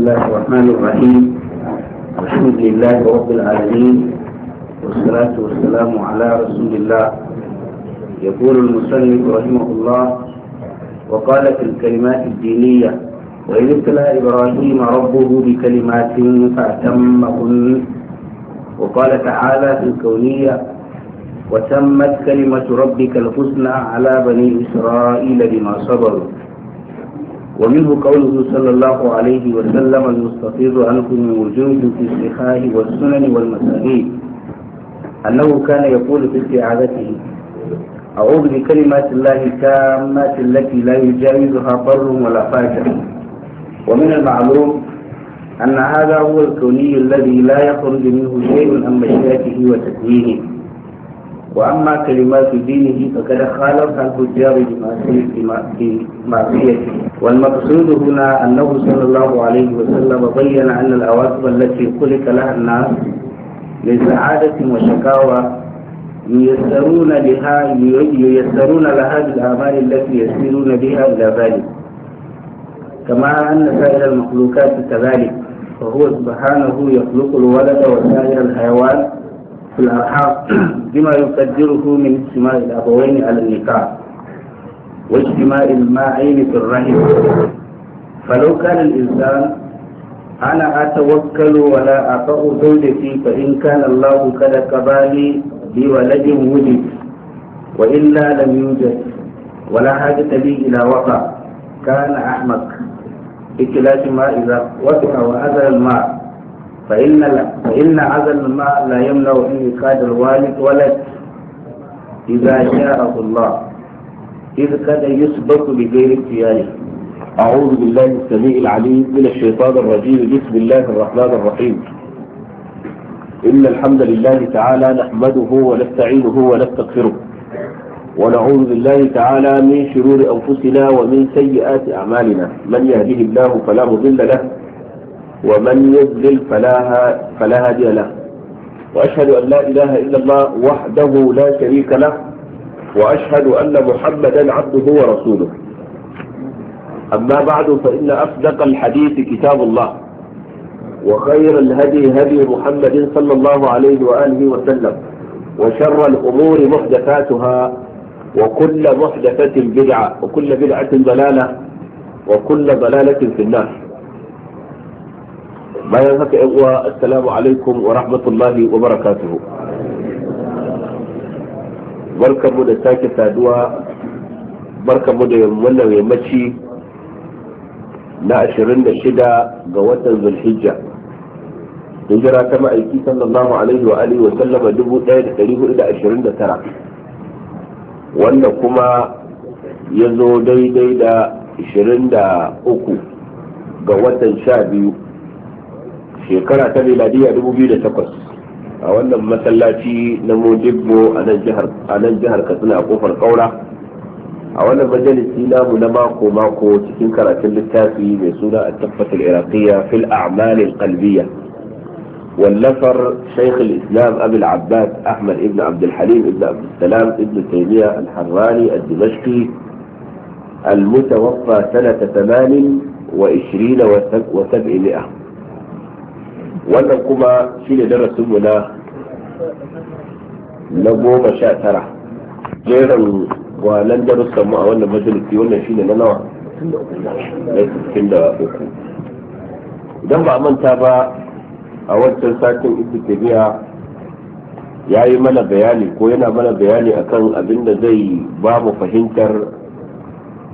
الله الرحمن الرحيم الحمد لله رب العالمين والصلاة والسلام على رسول الله يقول المسلم رحمه الله وقال في الكلمات الدينية وإذ ابتلى إبراهيم ربه بكلمات فأتمهن وقال تعالى في الكونية وتمت كلمة ربك الحسنى على بني إسرائيل بما صبروا ومنه قوله صلى الله عليه وسلم المستفيض عنكم من في السخاء والسنن والمسانيد أنه كان يقول في استعاذته أعوذ بكلمات الله التامات التي لا يجاوزها بر ولا فاجر ومن المعلوم أن هذا هو الكوني الذي لا يخرج منه شيء عن مشيئته وتكوينه واما كلمات دينه فقد خالف الفجار بمعصيته والمقصود هنا انه صلى الله عليه وسلم بين ان العواقب التي خلق لها الناس من وشكاوى ييسرون لها ييسرون لها بالأعمال التي يسيرون بها الى ذلك كما ان سائر المخلوقات كذلك فهو سبحانه يخلق الولد وسائر الحيوان في الأرحام بما يقدره من اجتماع الأبوين على النكاح واجتماع الماعين في الرحم فلو كان الإنسان أنا أتوكل ولا أطع زوجتي فإن كان الله قد كبالي بولد ولد وإلا لم يوجد ولا حاجة لي إلى وقع كان أحمق بكلاهما ما إذا وقع وأذى الماء فإن فإن هذا الماء لا يملأ فيه كاد الوالد ولد إذا شاءه الله إذ قد يسبق بغير اختياره أعوذ بالله السميع العليم من الشيطان الرجيم بسم الله الرحمن الرحيم إن الحمد لله تعالى نحمده ونستعينه ونستغفره ونعوذ بالله تعالى من شرور أنفسنا ومن سيئات أعمالنا من يهده الله فلا مضل له ومن يضلل فلا فلا هادي له واشهد ان لا اله الا الله وحده لا شريك له واشهد ان محمدا عبده ورسوله اما بعد فان اصدق الحديث كتاب الله وخير الهدي هدي محمد صلى الله عليه واله وسلم وشر الامور محدثاتها وكل محدثه بدعه وكل بدعه ضلاله وكل ضلاله في النار bayan haka yan uwa assalamu alaikum wa rahmatullahi wa barakatuhu barkanmu da sake saduwa barkanmu da wannan yammaci na 26 ga watan zulhijja hijira ta ma'aiki sallallahu alaihi wa alihi wa sallama 1429 wanda kuma ya zo daidai da 23 ga watan 12 shekara ta miladiya 2008 a wannan masallaci na mojibbo a nan jihar katsina a kofar kaura a wannan majalisi namu na mako mako cikin karatun littafi mai suna a tabbatar iraqiyya fil a'malin qalbiyya واللفر شيخ الإسلام أبي العباس أحمد ابن عبد الحليم ابن عبد السلام ابن تيمية الحراني الدمشقي المتوفى سنة ثمان وعشرين وسبعمائة wannan kuma shine darasinmu na na goma sha tara jerin gwanan darussanmu a wannan majalisi wannan shi ne na nawa na cikin da uku idan ba a manta ba a wancan satin ibtibiya ya yi mana bayani ko yana mana bayani akan abin da zai ba mu fahimtar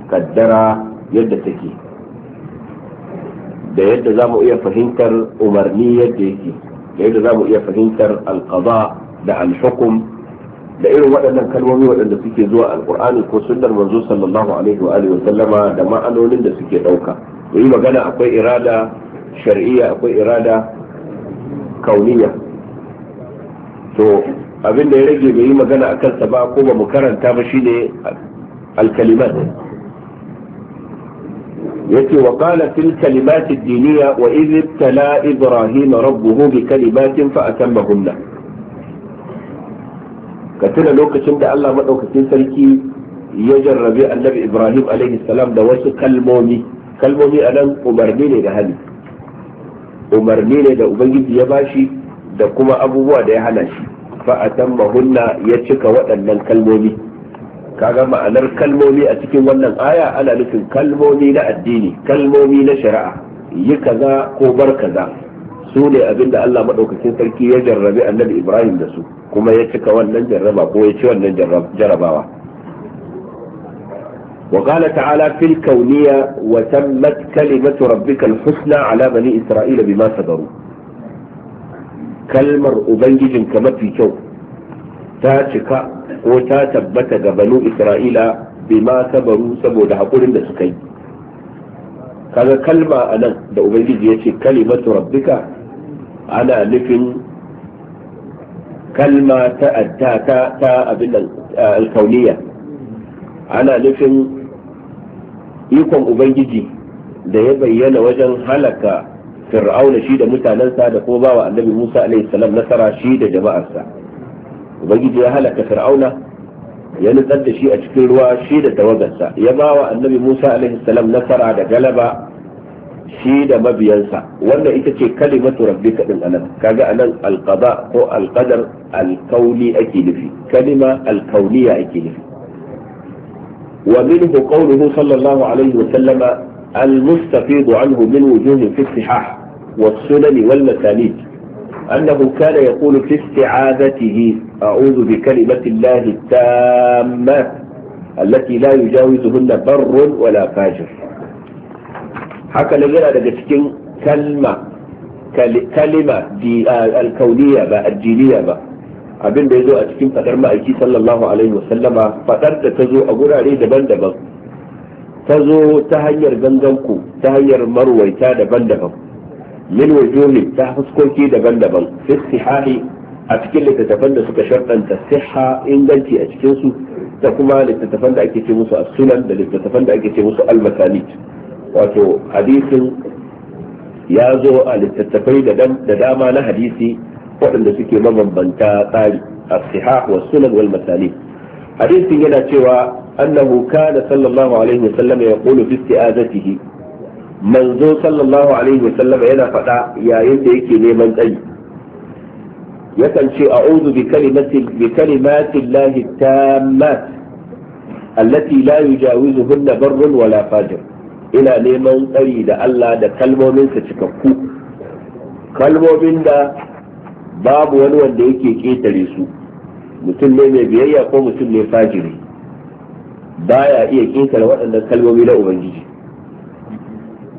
kaddara yadda take da yadda za mu iya fahimtar umarni yadda yake da yadda za mu iya fahimtar alqada da alhukum da irin waɗannan kalmomi waɗanda suke zuwa alƙur'ani ko sunnar manzo sallallahu alaihi wa alihi sallama da ma'anonin da suke ɗauka yi magana akwai irada shar'iyya akwai irada kauniya to abin da ya rage bai yi magana akan sa ba ko ba mu karanta ba shine alkalimat yake wa qala fil kalimati diniya wa idh tala ibrahim rabbuhu bi kalimatin fa atammahunna ka tuna lokacin da Allah madaukakin sarki ya jarrabe annabi ibrahim alaihi da wasu kalmomi kalmomi anan umarni ne da hali umarni ne da ubangiji ya bashi da kuma abubuwa da ya hana shi fa mahunna ya cika waɗannan kalmomi kaga ma'anar kalmomi a cikin wannan aya ana nufin kalmomi na addini kalmomi na shari'a yi kaza ko bar kaza su ne abin da Allah maɗaukakin sarki ya jarrabe annabi Ibrahim da su kuma ya cika wannan jarraba ko ya ci wannan jarrabawa وقال ta'ala في الكونية وتمت كلمة ربك الحسنى على بني إسرائيل بما صبروا كلمة أبنجد كما في kyau. ta cika ko ta tabbata ga banu isra'ila bima sabaru saboda haƙurin da suka yi kaga kalma a nan da ubangiji ya ce kalimatu rabbika ana nufin kalma ta ta ta abin nan alkauniya ana nufin ikon ubangiji da ya bayyana wajen halaka fir'auna shi da mutanensa da kuma bawa annabi musa alaihi salam nasara shi da jama'arsa ubangiji ya halaka fir'auna ya nutsar da shi a cikin ruwa shi da tawagarsa ya ba wa annabi musa alaihi salam nasara da galaba shi da mabiyansa wanda ita ce kalimatu rabbika din anan kaga anan alqada ko alqadar alkauni ake nufi kalima alkauniya ake nufi wa minhu qawluhu sallallahu alaihi wa sallama المستفيض عنه من وجوه في الصحاح والسنن والمسانيد أنه كان يقول في استعاذته أعوذ بكلمة الله التامة التي لا يجاوزهن بر ولا فاجر haka nan yana daga cikin kalma kalima alkauniya ba addiniya ba abinda da ya zo a cikin faɗar ma'aiki sallallahu faɗar da ta zo a gurare daban-daban ta zo ta hanyar ganganku ta hanyar marwaita daban-daban min wujuhi ta fuskoki daban-daban fi sihahi a cikin littattafan da suka sharɗanta siha inganci a cikin su da kuma littattafan da ake ce musu as-sunan da littattafan da ake ce musu al-masanid wato hadisin ya zo a littattafai da dama na hadisi waɗanda suke mabambanta tsari as-siha wa sunan wal masanid hadisin yana cewa annahu kana sallallahu alaihi wa sallam wasallam yaqulu fi isti'azatihi manzo sallallahu alaihi wa yana faɗa yayin da yake neman tsayi yakan ce a uzu kalimati bi kalimati llahi tammat allati la yujawizuhunna barrun wala fajir ina neman tsari da Allah da kalmominsa cikakku kalmomin da babu wani wanda yake ketare su mutum ne mai biyayya ko mutum ne fajiri baya iya ketare waɗannan kalmomi na ubangiji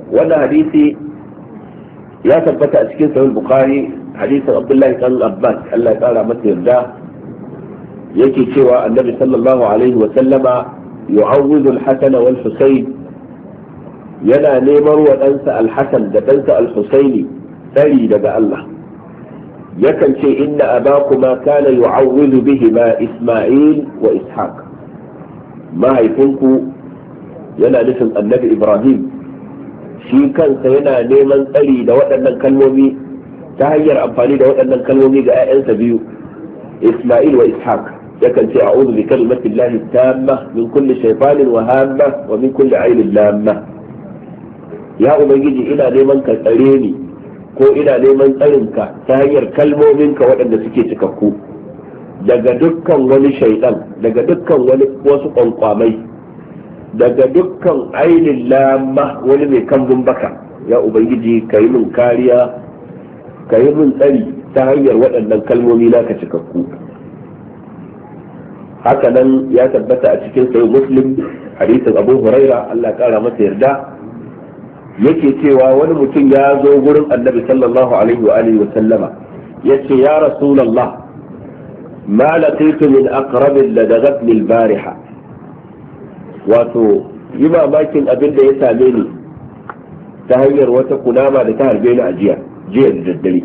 wannan hadisi ya tabbata a cikin sahih bukhari hadisin abdullahi kan abbas Allah ya tsara masa yarda yake cewa annabi sallallahu alaihi wa sallama yu'awwidu al-hasan wal husayn yana neman wa ɗansa al-hasan da ɗansa al-husaini tsari daga Allah yakan ce inna abakuma kana yu'awwidu bihima isma'il wa ishaq mahaifinku yana nufin annabi ibrahim shi kansa yana neman tsari da waɗannan kalmomi ta hanyar amfani da waɗannan kalmomi ga 'ya'yansa biyu isma'il wa ishaq yakan ce a'udhu bi kalimati llahi tamma min kulli shaytanin wa hamma wa min kulli ainin lamma ya ubangiji ina neman ka tsare ni ko ina neman tsarinka ta hanyar kalmominka waɗanda suke cikakku daga dukkan wani shaidan daga dukkan wani wasu kwankwamai daga dukkan ainin lamma wani mai kan baka ya ubangiji ka yi min kariya ka yi min tsari ta hanyar waɗannan kalmomi naka cikakku haka nan ya tabbata a cikin sayi muslim hadisin abu huraira allah kara masa yarda yake cewa wani mutum ya zo gurin annabi sallallahu alaihi wa wa sallama yace ya rasulullah ma laqitu min aqrab ladagatni al-bariha wato yi mamakin abin da ya same ni ta hanyar wata kunama da ta harbe ni a jiya jiya da daddare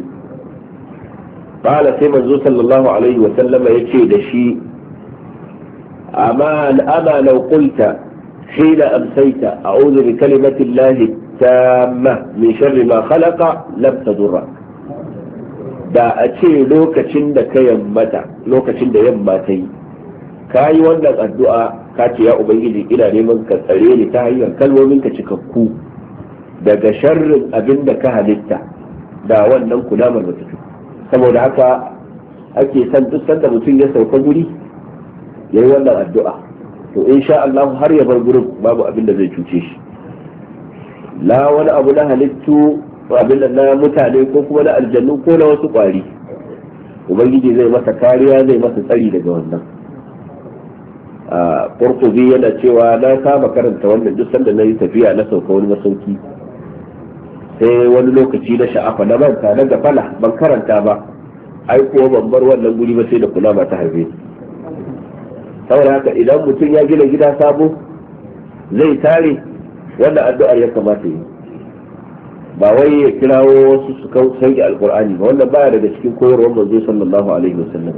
qala sai manzo sallallahu alaihi wa sallama yace da shi amma al'ama law qulta hina amsayta a'udhu bi kalimati llahi tamma min sharri ma khalaqa lam da a ce lokacin da ka yammata lokacin da yamma ta yi ka yi wannan addu'a ka ce ya ubangiji ina neman ka tsare ni ta hanyar kalmomin ka cikakku daga sharrin abin da ka halitta da wannan kudamar mutum saboda haka ake san duk sanda mutum ya sauka guri ya yi wannan addu'a to in sha Allah har ya bar gurin babu abin da zai cuce shi la wani abu na halittu abin da na mutane ko kuma na aljannu ko na wasu kwari ubangiji zai masa kariya zai masa tsari daga wannan qurtubi yana cewa na kama karanta wannan duk sanda na yi tafiya na sauka wani masauki sai wani lokaci na sha'afa na manta na gafala ban karanta ba ai kuwa ban bar wannan guri ba sai da kula ba ta harbe saboda haka idan mutum ya gina gida sabo zai tare wannan addu'ar ya kamata yi ba wai ya kirawo wasu su sauke alkur'ani ba wannan baya daga cikin koyarwar manzo sallallahu alaihi wasallam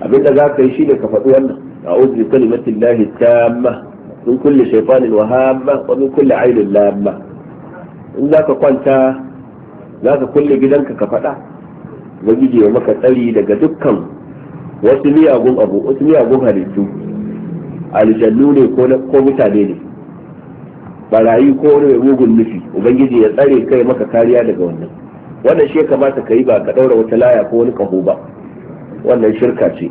abinda za ka yi shi ne ka faɗi wannan أعوذ بكلمة الله التامة من كل شيطان وهامة ومن كل عين لامة إن ذاك قلت ذاك كل جدنك كفتا وجدي ومك تلي لك دكا واسمي أبو أبو اسمي أبو هلتو aljannune ko mutane تاليني barayi ko wani mai mugun nufi ubangiji ya tsare kai maka kariya daga wannan wannan shi ya kamata ka yi ba ka ɗaura wata laya ko wani kaho ba wannan shirka ce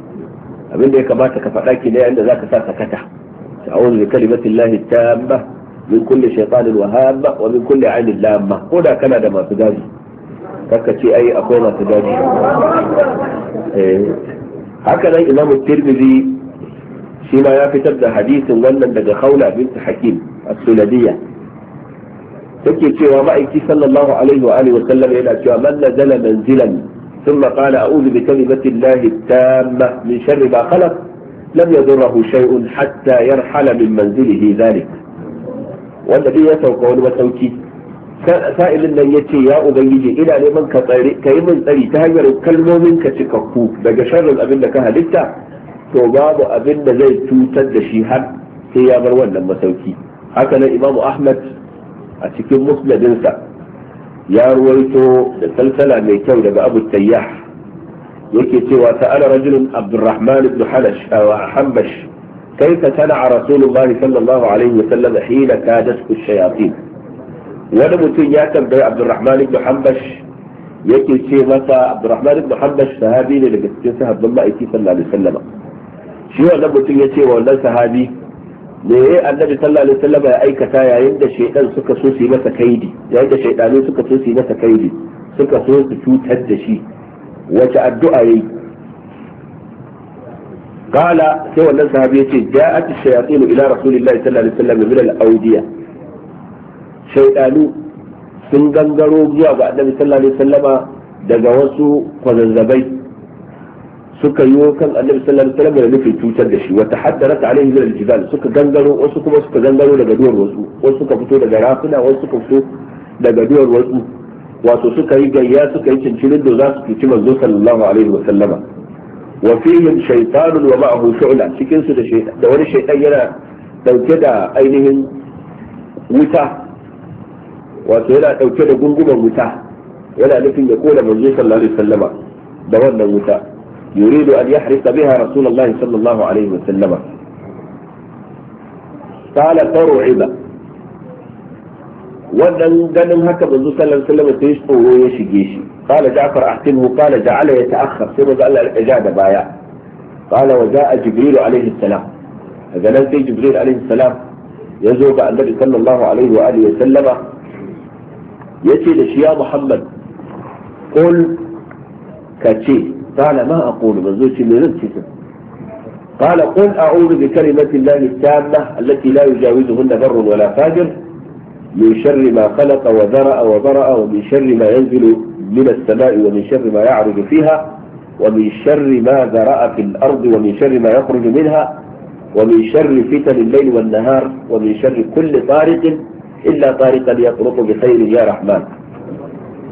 Abin da ya kamata ka faɗa ki ne inda ka sa sakata ta'awuzu bi kalimatillahi tamma min kulli shaytanin wahamma wa min kulli ainin lamma ko da kana da masu daji, kaka ce ai akwai masu daji. Eh, haka nan imamu tirmidhi shi ma ya fitar da hadisin wannan daga khawla bint hakim as-suladiyya take cewa ma'aiki sallallahu alaihi wa alihi wa sallam yana cewa man nazala manzilan ثم قال أعوذ بكلمة الله التامة من شر ما خلق لم يضره شيء حتى يرحل من منزله ذلك والنبي يتوقع وتوكيد sa'ilin nan ya ce ya ubangiji ina neman ka tsare yi min tsari ta hanyar kalmomin ka cikakku daga sharrin abin da ka halitta to babu abin da zai cutar da shi har sai ya bar wannan masauki haka imamu ahmad a cikin musnadinsa يا رويتو سلسلة ميتو لبا أبو التياح يكي سوى سأل رجل عبد الرحمن بن حلش أو حنبش كيف سنع رسول الله صلى الله عليه وسلم حين كادته الشياطين ونمتين ياتم بي عبد الرحمن بن حنبش يكي سي مسا عبد الرحمن بن حنبش سهابي لنبتين سهب الله إتي صلى الله عليه وسلم شو نمتين يتي وأن سهابي me ya annabi sallallahu alaihi wasallam ya aikata yayin da shaidan suka so su yi masa kaidi yayin da shaidanu suka so su yi masa kaidi suka so su cutar da shi wace addu'a yayi qala sai wannan sahabi yace ja'at ash-shayatin ila rasulillahi sallallahu alaihi wasallam min al-awdiya shaidanu sun gangaro zuwa ga annabi sallallahu alaihi wasallama daga wasu kwazazzabai suka yi kan annabi sallallahu alaihi wasallam da nufin cutar da shi wata haddarat alaihi zil jibal suka gangaro wasu kuma suka gangaro daga duwar wasu wasu suka fito daga rafuna wasu suka fito daga duwar wasu wato suka yi gayya suka yi cincirin da za su cuci manzo sallallahu alaihi wasallama wa fihim shaytanun wa ma'ahu shu'la cikin su da da wani shaytan yana dauke da ainihin wuta wato yana dauke da gunguman wuta yana nufin ya kona manzo sallallahu alaihi wasallama da wannan wuta يريد أن يحرق بها رسول الله صلى الله عليه وسلم قال ترعب وذن دنم هكا بزو صلى الله عليه وسلم تيشطو ويشي قال جعفر أحكمه قال جعل يتأخر ثم قال الإجادة بايع قال وجاء جبريل عليه السلام نزل جبريل عليه السلام يزور بعد النبي صلى الله عليه وآله وسلم يتي لشيا محمد قل كتشيه قال ما أقول من منزوش لنفسك قال قل أعوذ بكلمة الله التامة التي لا يجاوزهن بر ولا فاجر من شر ما خلق وذرأ وبرأ ومن شر ما ينزل من السماء ومن شر ما يعرج فيها ومن شر ما ذرأ في الأرض ومن شر ما يخرج منها ومن شر فتن الليل والنهار ومن شر كل طارق إلا طارقا يطرق بخير يا رحمن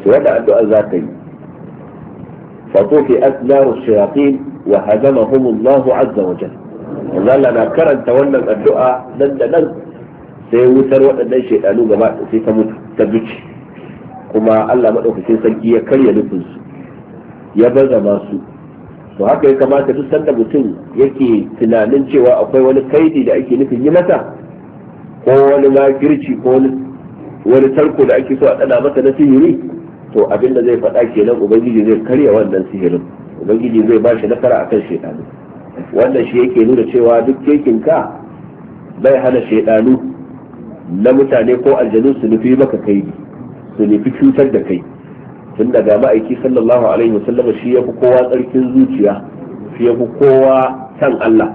سواء أدعى ذاتين فطفئت نار الشياطين وهزمهم الله عز Wajen. Allah na karanta wannan addu'a nan da nan sai wutar waɗannan shaidanu gaba sai ta ta zuci kuma Allah maɗaukakin sarki ya karya nufinsu ya baza masu to haka ya kamata duk sanda mutum yake tunanin cewa akwai wani kaidi da ake nufin yi masa ko wani makirci ko wani tarko da ake so a ɗana masa na sihiri to abin da zai faɗa kenan ubangiji zai karya wannan sihirin ubangiji zai bashi shi nasara akan shaytanu wannan shi yake nuna cewa duk kekin ka bai hana shaidanu na mutane ko aljanu su nufi maka kai su nufi cutar da kai tun daga ma'aiki sallallahu alaihi wasallam shi ya fi kowa tsarkin zuciya shi ya fi kowa san Allah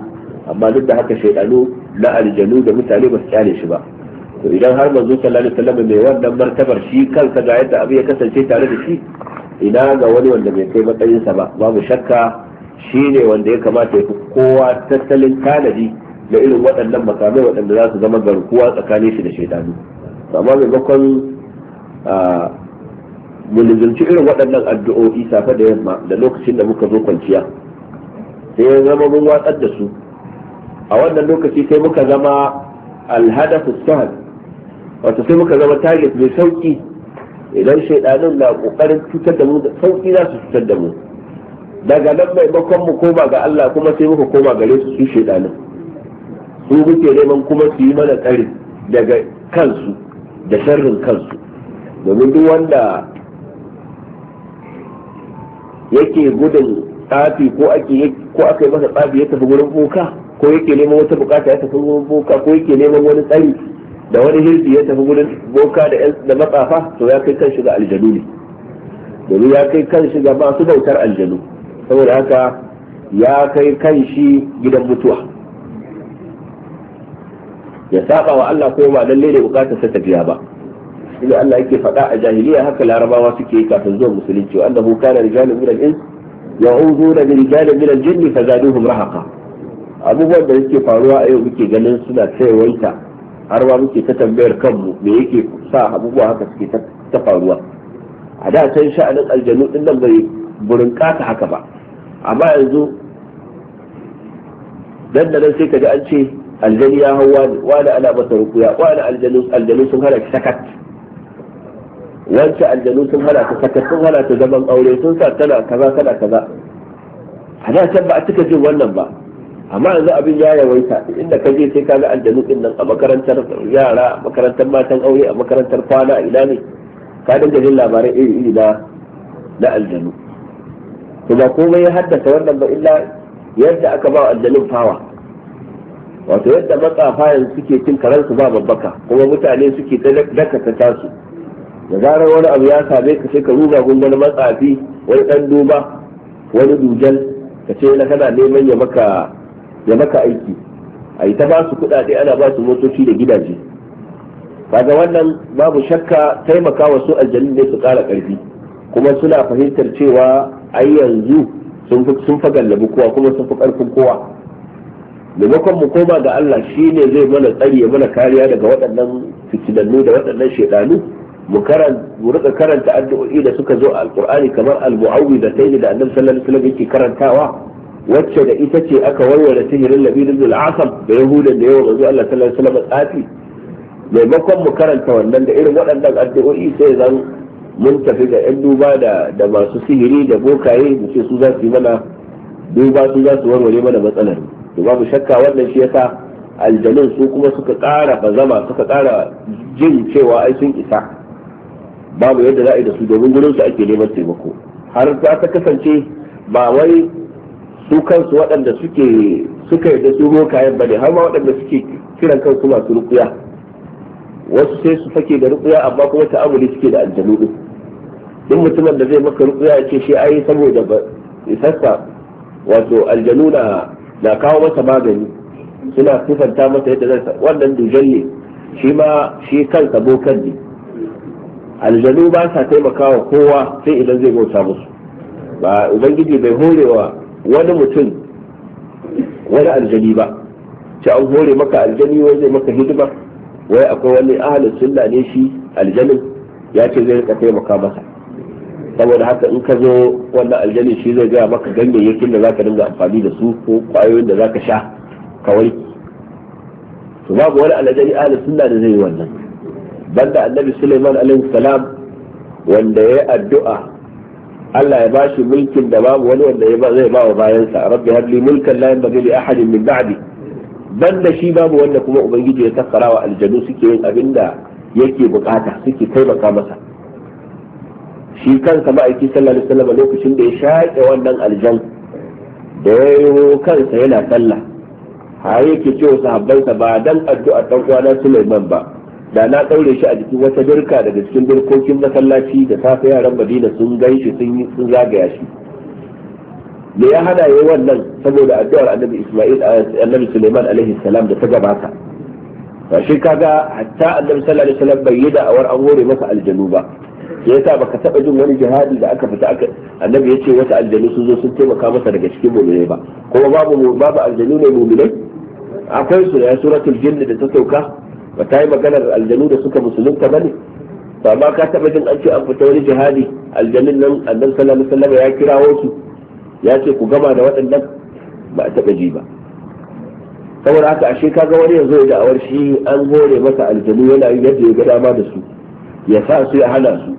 amma duk da haka shaidanu na aljanu da mutane ba su kyale shi ba to idan har manzo sallallahu alaihi wasallam mai wannan martabar shi kansa ga yadda abu ya kasance tare da shi ina ga wani wanda bai kai matsayinsa ba babu shakka shi ne wanda ya kamata ya fi kowa tattalin tanadi da irin waɗannan makamai waɗanda za su zama garkuwa tsakanin shi da shaidanu amma maimakon mu irin waɗannan addu'o'i safe da yamma da lokacin da muka zo kwanciya sai ya zama mun watsar da su a wannan lokaci sai muka zama alhadafu sahad wato sai muka zama target mai sauki idan shaidanin na kokarin cutar da mu sauki za su cutar da mu daga nan maimakon mu koma ga Allah kuma sai muka koma gare su su shaidanin su muke neman kuma su yi mana tsari daga kansu da sharrin kansu domin duk wanda yake gudun tsafi ko ake ko aka yi masa tsafi ya tafi gurin boka ko yake neman wata bukata ya tafi gurin boka ko yake neman wani tsari da wani hirbi ya tafi gudun boka da matsafa to ya kai kan shiga aljanu ne domin ya kai kan shiga masu bautar aljanu saboda haka ya kai kan shi gidan mutuwa ya saba wa Allah ko ba lalle ne bukatar sa tafiya ba inda Allah yake faɗa a jahiliya haka larabawa suke yi kafin zuwa musulunci wanda annahu kana rijalun min al-ins ya'uduna bi rijalin min al-jinn fazaduhum rahaqa abubuwan da suke faruwa a yau muke ganin suna tsayawaita har ma muke ta tambayar kanmu me yake sa abubuwa haka suke ta faruwa a da can sha'anin aljanu din nan bai burin kata haka ba amma yanzu dan da nan sai ka ji an ce aljani ya hau wani wani ana masa rukuya wani aljanu sun hana ki sakat wancan aljanu sun hana ta sakat sun hana ta zaman aure sun sa tana kaza tana kaza a da can ba a cika jin wannan ba amma yanzu abin ya yawaita inda ka je sai ka ga aljanu din nan a makarantar yara a makarantar matan aure a makarantar kwana ina ne ka dinga jin labarai iri iri na na aljanu to komai ya haddasa wannan ba illa yadda aka ba aljanun fawa wato yadda matsafa yanzu suke cin su ba babbaka kuma mutane suke dakata tasu da zarar wani abu ya same ka sai ka ruga gungun matsafi wani dan duba wani dujal ka ce na kana neman ya maka ya maka aiki a yi ta ba su kuɗaɗe ana ba su motoci da gidaje kaga wannan babu shakka taimaka wa su aljanun ne su kara karfi kuma suna fahimtar cewa ai yanzu sun fi gallabi kowa kuma sun fi ƙarfin kowa maimakon mu koma ga Allah shi ne zai mana tsari ya mana kariya daga waɗannan fitinannu da waɗannan shaidanu mu mu karanta addu'o'i da suka zo a alqur'ani kamar al-mu'awwidatayn da annabi sallallahu alaihi wasallam yake karantawa wacce da ita ce aka warware sihirin labidin da al'asam da yahuda da yawa manzo Allah sallallahu alaihi wasallam tsafi maimakon mu karanta wannan da irin waɗannan addu'o'i sai zan mun tafi ga yan duba da masu sihiri da bokaye mu ce su za su yi mana duba su za su warware mana matsalar to babu shakka wannan shi yasa aljanun su kuma suka ƙara bazama suka ƙara jin cewa ai sun isa babu yadda za a yi da su domin gurin su ake neman taimako har ta kasance ba wai su kansu waɗanda suke suka yarda su bokayen bane har ma waɗanda suke kiran kansu masu rukuya wasu sai su fake da rukuya amma kuma ta'amuli suke da aljanu din duk mutumin da zai maka rukuya ya ce shi ai saboda ba isassa wato aljanu na kawo masa magani suna sifanta masa yadda zai wannan dujan ne shi ma shi kansa bokan ne aljanu ba sa taimakawa kowa sai idan zai bauta musu ba ubangiji bai horewa wani mutum wani aljani ba ci an hore maka aljani wai zai maka hidima wai akwai wani ahalin sunna ne shi aljanin ya ce zai rika taimaka masa saboda haka in ka zo wannan aljanin shi zai gaya maka ganyayyakin da zaka dinga amfani da su ko kwayoyin da zaka sha ka to babu wani aljani ahalin sunna da zai yi wannan banda annabi Suleiman alaihi salam wanda ya yi addu'a Allah ya bashi mulkin da babu wani wanda ya zai ba wa bayansa rabbi habli mulkan la yanbaghi li ahadin min ba'di banda shi babu wanda kuma ubangiji ya takkara wa aljanu suke yin abin da yake bukata suke taimaka masa shi kansa ma'aiki sallallahu alaihi wasallam lokacin da ya shaƙe wannan aljan da ya kansa yana sallah har yake cewa sahabbansa ba dan addu'a dan uwana Sulaiman ba da na ɗaure shi a jikin wata birka daga cikin birkokin masallaci da safe yaran madina sun gan shi sun zagaya shi me ya hada yawan wannan saboda addu'ar annabi isma'il eh, annabi suleiman alaihi salam da ta gabata ba shi kaga hatta annabi sallallahu alaihi wasallam bai yi da'awar an hore masa aljanu ba ya yasa baka taba jin wani jihadi da aka fita aka annabi ya ce wata aljanu sun zo sun taimaka masa daga cikin mu'minai ba kuma babu babu aljanu ne mu'minai akwai su da suratul jinn da ta sauka ba ta yi maganar aljanu da suka musulunta ba ne ba ma ka taɓa jin an ce an fita wani jihadi aljanin nan annan sallallahu alaihi ya kirawo su ya ce ku gama da waɗannan ba a taɓa ji ba saboda haka ashe ka ga wani yanzu da da'awar shi an gore masa aljanu yana yadda ya ga dama da su ya sa su ya hana su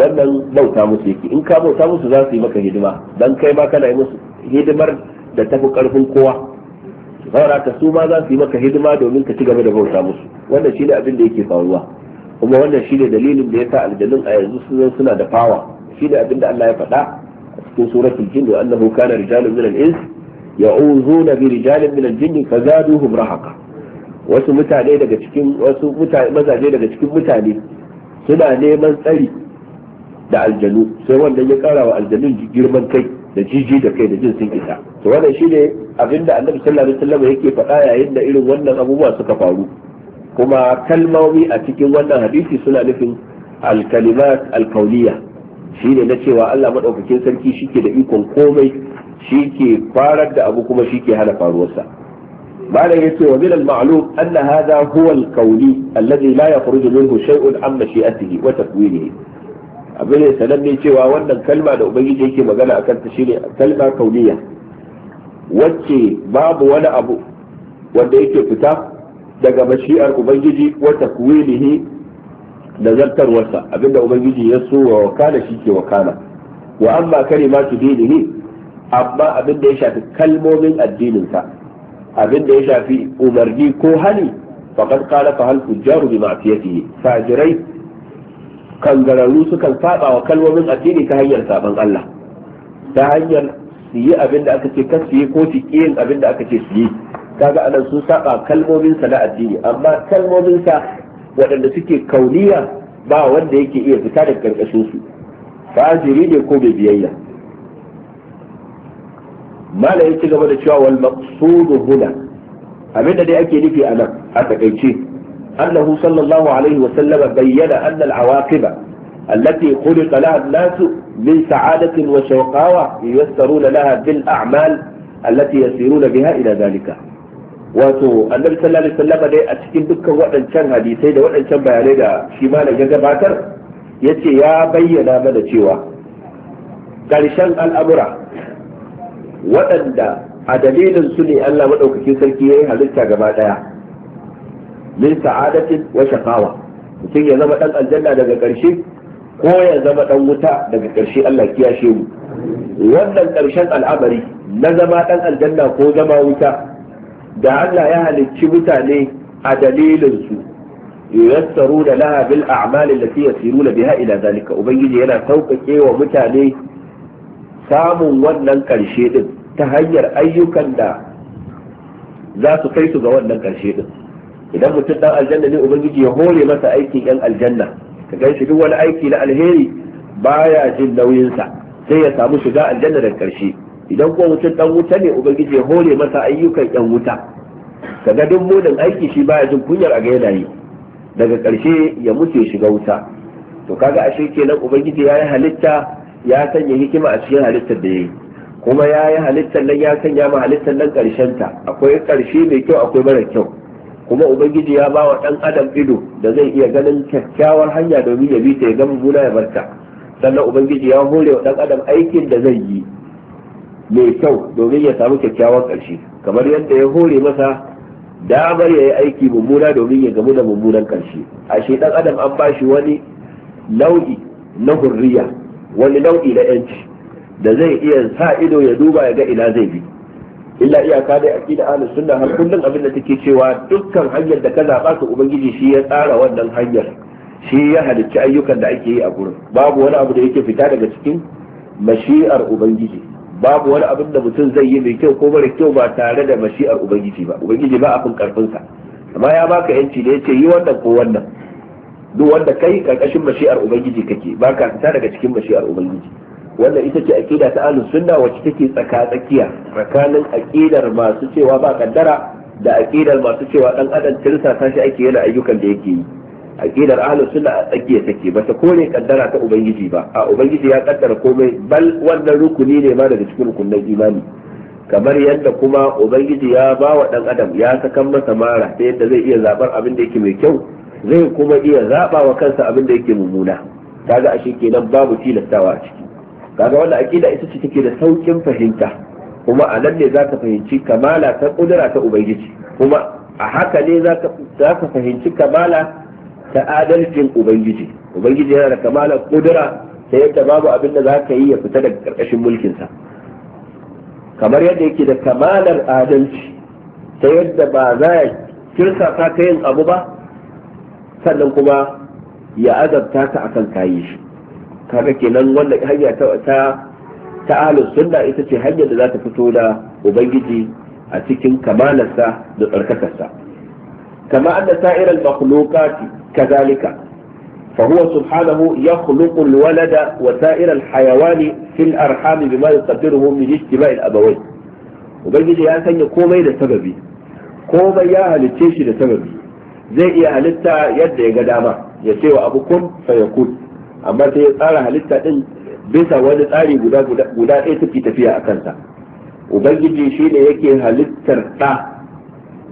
wannan bauta musu yake in ka bauta musu za su yi maka hidima dan kai ma kana yi musu hidimar da tafi karfin kowa saboda ka su ma za su yi maka hidima domin ka ci gaba da bauta musu wannan shine abin da yake faruwa kuma wannan shine dalilin da yasa aljanun a yanzu sun suna da fawa shine abin da Allah ya faɗa a cikin suratul jin wa annahu kana rijalun min al-ins ya'uzuna bi rijalin min al-jinn fazaduhum rahaqa wasu mutane daga cikin wasu mutane mazaje daga cikin mutane suna neman tsari da aljanu sai wanda ya kara wa aljanun girman kai da jiji da kai da jin sun isa to wannan shine abinda annabi sallallahu alaihi wasallam yake faɗa yayin da irin wannan abubuwa suka faru kuma kalmomi a cikin wannan hadisi suna nufin alkalimat alkauliya shi ne na cewa Allah maɗaukakin sarki shike da ikon komai shi ke farar da abu kuma shi ke hana faruwarsa Malami yace wa min al-ma'lum anna hadha huwa al-qawli alladhi la yakhruju minhu shay'un an mashi'atihi wa takwinihi abin ne sanan ne cewa wannan kalma da ubangiji yake magana akan ta shine kalma kauliya wacce babu wani abu wanda yake fita daga mashi'ar ubangiji wa takwilihi da zartarwarsa abinda ubangiji ya so wa wakana shi ke wakana wa amma kalimatu dinihi amma abinda ya shafi kalmomin addininsa abinda ya shafi umarni ko hali faqad qala fa hal fujjaru bi ma'siyatihi fajirai kangararru sukan saba wa kalmomin addini ta hanyar saban Allah ta hanyar su yi abin da aka ce ka su ko su yin abin da aka ce su yi kaga anan sun saba kalmomin sa na addini amma kalmomin sa waɗanda suke kauniya ba wanda yake iya fita daga karkashin su fajiri ne ko bai biyayya mala ya ci gaba da cewa wal maqsudu huna abinda dai ake nufi anan a takaice annahu sallallahu alaihi wa sallama bayyana anna al awaqiba التي خلق لها الناس من سعادة وشوقاوة ييسرون لها بالأعمال التي يسيرون بها إلى ذلك wato annabi sallallahu alaihi wasallam dai a cikin dukkan waɗancan hadisai da waɗancan bayanai da shi ma ya gabatar yace ya bayyana mana cewa ƙarshen al'amura waɗanda a dalilin su ne Allah maɗaukakin sarki ya yi halitta gaba daya min sa'adatin wa shaqawa mutum ya zama ɗan aljanna daga ƙarshe ko ya zama dan wuta daga ƙarshe Allah kiyashe mu wannan ƙarshen al'amari na zama dan aljanna ko zama wuta da Allah ya halicci mutane a dalilin su yassaru da laha bil a'mal allati yasiruna biha ila zalika ubangiji yana sauƙaƙe wa mutane samun wannan ƙarshe din ta hanyar ayyukan da za su kai su ga wannan ƙarshe din idan mutum dan aljanna ne ubangiji ya hore masa aikin yan aljanna ka gan shi duk wani aiki na alheri baya jin nauyinsa sai ya samu shiga aljanna da karshe idan ko mutum dan wuta ne ubangiji ya hore masa ayyukan yan wuta ka ga duk munin aiki shi baya jin kunyar a ga yanayi daga karshe ya mutu ya shiga wuta to kaga ashe kenan ubangiji ya yi halitta ya sanya hikima a cikin halittar da ya yi kuma ya yi halittar nan ya sanya ma halittar nan karshen ta akwai karshe mai kyau akwai mara kyau kuma ubangiji ya ba wa ɗan adam ido da zai iya ganin kyakkyawar hanya domin ya bi ta ya ga mummuna ya barka sannan ubangiji ya hore wa ɗan adam aikin da zai yi mai kyau domin ya samu kyakkyawar ƙarshe kamar yadda ya hore masa damar ya yi aiki mummuna domin ya gamu da mummunan ƙarshe ashe ɗan adam an ba shi wani nau'i na hurriya wani nau'i na yanci da zai iya sa ido ya duba ya ga ina zai bi illa iyaka dai aqida ahlus sunna har kullun abin da take cewa dukkan hanyar da ka zaba ka ubangiji shi ya tsara wannan hanyar shi ya halicci ayyukan da ake yi a gurin babu wani abu da yake fita daga cikin mashi'ar ubangiji babu wani abin da mutum zai yi mai kyau ko mara kyau ba tare da mashi'ar ubangiji ba ubangiji ba a fin karfin sa amma ya baka yanci da yace yi wannan ko wannan duk wanda kai karkashin mashi'ar ubangiji kake baka fita daga cikin mashi'ar ubangiji wanda ita ce aqida ta ahlus sunna wacce take tsaka tsakiya tsakanin aqidar masu cewa ba kaddara da aqidar masu cewa dan adam tirsa ta shi ake yana ayyukan da yake yi aqidar ahlus sunna a tsakiya take ba ta kore kaddara ta ubangiji ba a ubangiji ya kaddara komai bal wannan rukuni ne ma daga cikin rukunin imani kamar yadda kuma ubangiji ya ba wa dan adam ya sakan masa mara ta yadda zai iya zabar abin da yake mai kyau zai kuma iya zaba wa kansa abin da yake mummuna kaga shi kenan babu tilastawa a ciki kaga wannan aqida ita ce take da saukin fahimta kuma a nan ne zaka fahimci kamala ta kudura ta ubangiji kuma a haka ne zaka zaka fahimci kamala ta adalcin ubangiji ubangiji yana da kamala kudura sai yadda babu abin da zaka yi ya fita daga karkashin mulkinsa kamar yadda yake da kamalar adalci ta yadda ba za ya kirsa ka yin abu ba sannan kuma ya azabta ta akan kayi shi kaga kenan wannan hanya ta ta ta ahlus sunna ita ce hanyar da za ta fito da ubangiji a cikin kamalarsa da tsarkakarsa kama anna sa'ir al-makhluqati kadhalika fa huwa subhanahu yakhluqu al-walada wa sa'ir al-hayawani al arham bima yaqdiruhu min ijtima'i al-abawayn ubangiji ya sanya komai da sababi komai ya halicce shi da sababi zai iya halitta yadda ya ga dama ya ce wa abukum kun fa yakun amma sai ya tsara halitta din bisa wani tsari guda guda ɗaya take tafiya a kansa ubangiji shine ne yake halittar ɗa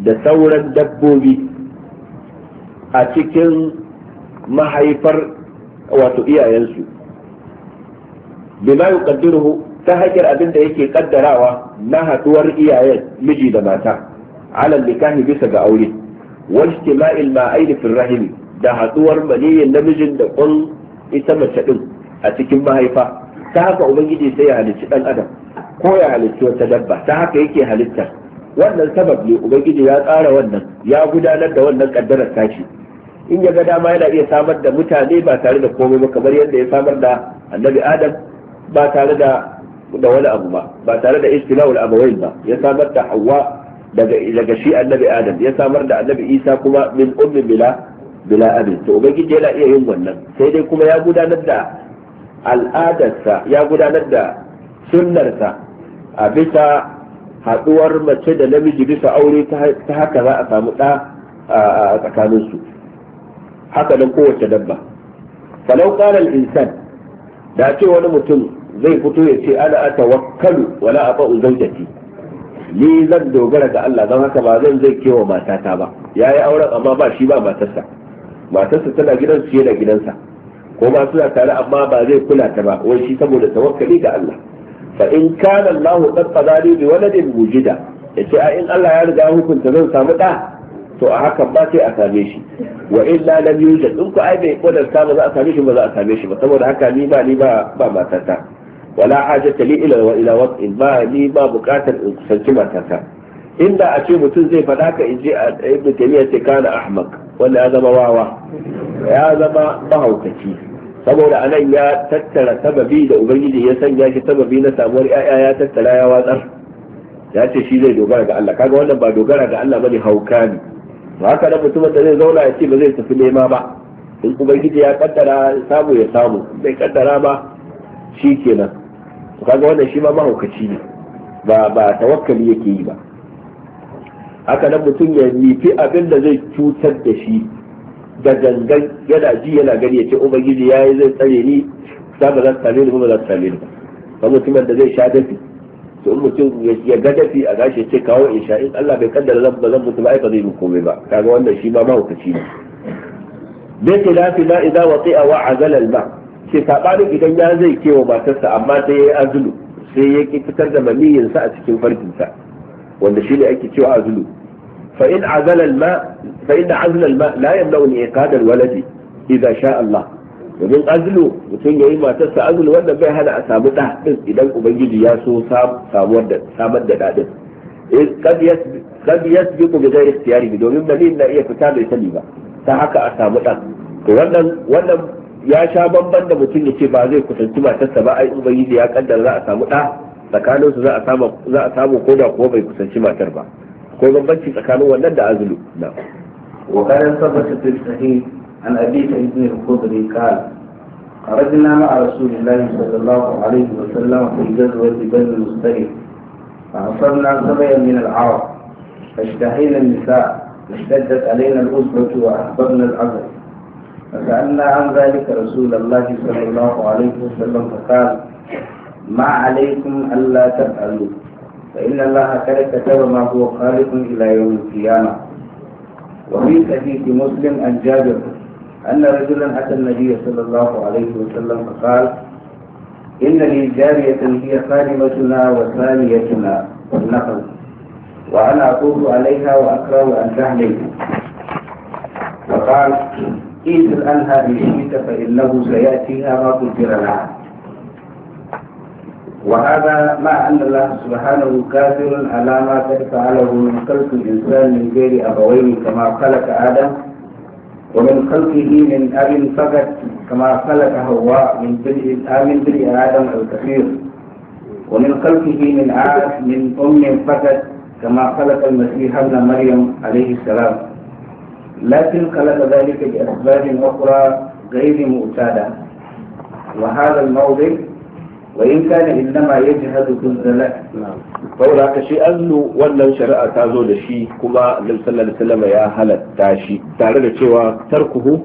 da sauran dabbobi a cikin mahaifar wato iyayensu bima yuqaddiruhu ta hanyar abin da yake kaddarawa na haduwar iyayen miji da mata alal nikahi bisa ga aure wajtima'il ma'aini fil rahimi da haduwar maniyyin namijin da kun ita mace din a cikin mahaifa ta haka ubangiji sai ya halicci dan adam ko ya halicci wata dabba ta haka yake halitta wannan sabab ne ubangiji ya tsara wannan ya gudanar da wannan kaddarar tashi in ya ga dama yana iya samar da mutane ba tare da komai ba kamar yadda ya samar da annabi adam ba tare da da wani abu ba ba tare da istilawul abawain ba ya samar da hawa daga daga shi annabi adam ya samar da annabi isa kuma min ummin bila bila abin to ubangiji yana iya yin wannan sai dai kuma ya gudanar da al'adarsa ya gudanar da sunnarsa a bisa haduwar mace da namiji bisa aure ta haka za a samu ɗa a tsakaninsu haka nan kowace dabba falau ƙarar insan da ce wani mutum zai fito ya ce ana a tawakkalu wala a zaujati ni zan dogara ga Allah don haka ba zan zai kewa matata ba yayi auren amma ba shi ba matarsa matarsa tana gidan su yana gidansa ko ma suna tare amma ba zai kula ta ba wai shi saboda tawakkali ga Allah fa in kana Allah qad qadari bi waladin wujida yace a in Allah ya riga hukunta zan samu da to a hakan ba sai a same shi wa illa lam yujad in ku ai bai kodarta ba za a same shi ba za a same shi ba saboda haka ni ba ni ba ba matata wala hajata li ila wa ila waqin ba ni ba bukatar in kusanci matata inda a ce mutum zai faɗa ka inji a ibn taymiya ce kana Ahmad. wanda ya zama wawa ya zama mahaukaci saboda anan ya tattara sababi da ubangiji ya sanya shi sababi na samuwar yaya ya tattara ya watsar ya ce shi zai dogara ga Allah kaga wannan ba dogara ga Allah bane hauka ne to haka da mutumin da zai zauna ya ce ba zai tafi nema ba in ubangiji ya kaddara samu ya samu bai kaddara ba shi kenan kaga wannan shi ma mahaukaci ne ba ba tawakkali yake yi ba haka nan mutum ya nifi abin da zai cutar da shi da gangan yana ji yana gani ya ce ubangiji ya yi zai tsare ni za ba za su same ni ba za su same ni ba mutum da zai sha dafi to in mutum ya ga dafi a gashi ce kawo in sha in Allah bai kaddara zan ba zan mutu ba ai ba zai mu komai ba kaga wannan shi ma mahaukaci ne bai dafi ma idza waqi'a wa azala al ma ce sabanin idan ya zai kewa matarsa amma sai ya yi azulu sai ya ki fitar da sa a cikin farkinsa wanda shi ne ake cewa azulu fa in azala alma fa in azla alma la yamla'u iqadar waladi idza sha Allah domin azulu mutum ya yi matarsa azulu wanda bai hana a samu da din idan ubangiji ya so samar da samar da dadin eh, kad yasbiqu bi ghairi ikhtiyarihi domin bani na iya fita bai sani ba ta haka a samu dan to wannan wannan ya sha bamban da mutum ya ce ba zai kusanci matarsa ba ai ubangiji ya kaddara za a samu da tsakanin su za a samu za a samu ko da kuwa bai kusanci matar ba ko bambanci tsakanin wannan da azulu na wa kana sabata fi sahih an abi ta ibn al-khudri qala خرجنا مع رسول الله صلى الله عليه وسلم في غزوة بني المصطلق فعصرنا سبعا من العرب فاشتهينا النساء واشتدت علينا الأسرة وأحببنا الأمر فسألنا عن ذلك رسول الله صلى الله عليه وسلم فقال ما عليكم ألا تفعلوا فإن الله قد كتب ما هو خالق إلى يوم القيامة وفي حديث مسلم عن جابر أن رجلا أتى النبي صلى الله عليه وسلم فقال إن لي جارية هي خادمتنا وثانيتنا والنقل وأنا أطوف عليها وأكره أن تهلك فقال ايت عنها إن شئت فإنه سيأتيها ما قدر لها وهذا مع أن الله سبحانه كافر على ما فعله من خلق الإنسان من غير أبوين كما خلق آدم ومن خلقه من أب فقط كما خلق هواء من بدء آه، من بدء آدم الكثير ومن خلقه من عاد من أم فقط كما خلق المسيح ابن مريم عليه السلام لكن خلق ذلك بأسباب أخرى غير معتادة وهذا الموضع وإن كان إنما يجهد بالزلاء فولا كشي أزلو wannan shari'a ta zo da shi kuma Annabi sallallahu alaihi wasallam ya halatta shi tare da cewa tarkuhu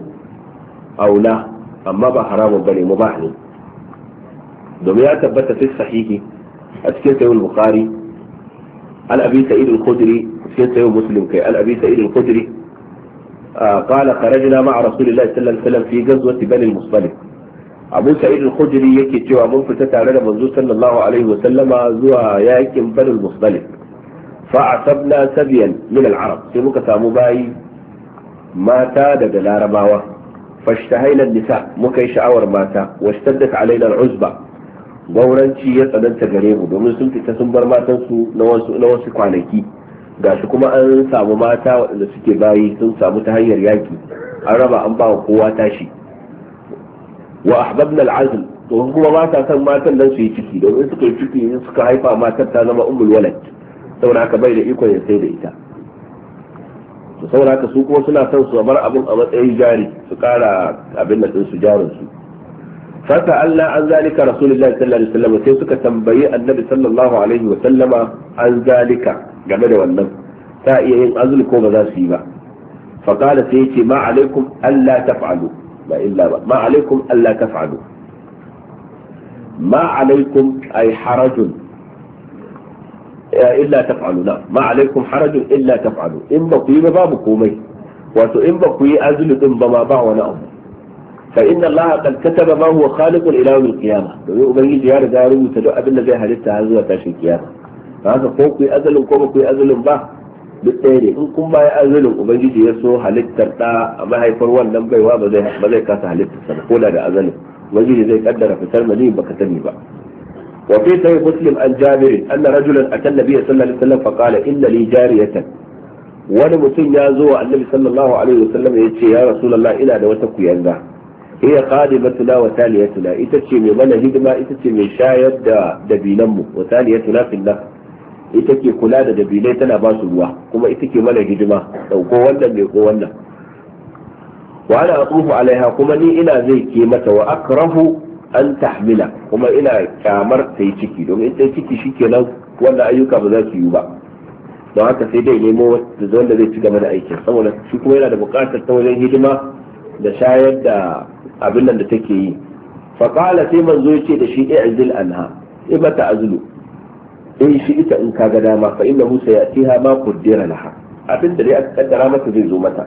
aula amma ba haramun bane mubah ne domin ya tabbata fi sahihi a cikin sahih al-bukhari al abi sa'id al-khudri قال خرجنا مع رسول الله صلى الله عليه وسلم في غزوة بني المصطلق abu sa'id al-khudri yake cewa mun fita tare da manzo sallallahu alaihi wa sallama zuwa yakin badal musdalif fa asabna sabiyan min al-arab sai muka samu bayi mata daga larabawa fashtahaina nisa muka yi sha'awar mata washtaddat alaina al-uzba gauranci ya tsananta gare mu domin sun fita sun bar matansu na wasu na wasu kwanaki gashi kuma an samu mata waɗanda suke bayi sun samu ta hanyar yaki an raba an ba kowa tashi wa ahbabna al'azl to kuma ba ta san matan nan su yi ciki domin suka yi ciki in suka haifa matar ta zama ummul walad saboda haka bai da ikon ya sai da ita to saboda haka su kuma suna son su bar abin a matsayin jari su kara abin da din su jarin su fata Allah an zalika rasulullahi sallallahu alaihi wasallam sai suka tambayi annabi sallallahu alaihi wasallama an zalika game da wannan ta iya yin azul ko ba za su yi ba faqala sai yace ma alaikum alla taf'alu ba illa ba ma alaikum Allah taf'alu ma alaikum ay harajun illa taf'alu na ma alaikum harajun illa taf'alu in ba ku yi ba babu komai wato in ba ku yi azulu ba ma ba wani abu fa inna Allah qad kataba ma huwa khaliqun ila yawm al-qiyamah domin ubangiji ya riga ya rubuta duk abin da zai halitta har zuwa tashin kiyama haka ko ku yi azalin ko ba ku yi azalin ba duk ɗaya ne in kun bayan azalin ubangiji ya so halittar da a mahaifar wannan baiwa ba zai ba zai kasa halittar sa ko da azalin ubangiji zai kaddara fitar mani baka sani ba wa fi sahih muslim an an anna rajulan atan nabiy sallallahu alaihi wasallam fa qala inna li jariyatan wani mutum ya zo wa annabi sallallahu alaihi wasallam ya ce ya rasulullah ina da wata kuyanga هي قادمتنا وتاليتنا إتتشي من من هدما إتتشي من شايد دبينمو وتاليتنا في النار ita ke kula da dabilai tana ba su ruwa kuma ita ke mana hidima dauko wannan mai ko wannan wa ana atufu alaiha kuma ni ina zai ke mata wa akrahu an tahmila kuma ina kyamar ta yi ciki domin ta yi ciki wannan ayyuka ba za su yi ba don haka sai dai nemo wanda zai ci gaba da aikin saboda shi kuma yana da bukatar ta wajen hidima da shayar da abin nan da take yi faƙala sai manzo ya ce da shi alha anha ibata azulu in eh, shi ita in ka ga dama fa ma laha abin da dai aka kaddara mata zai zo mata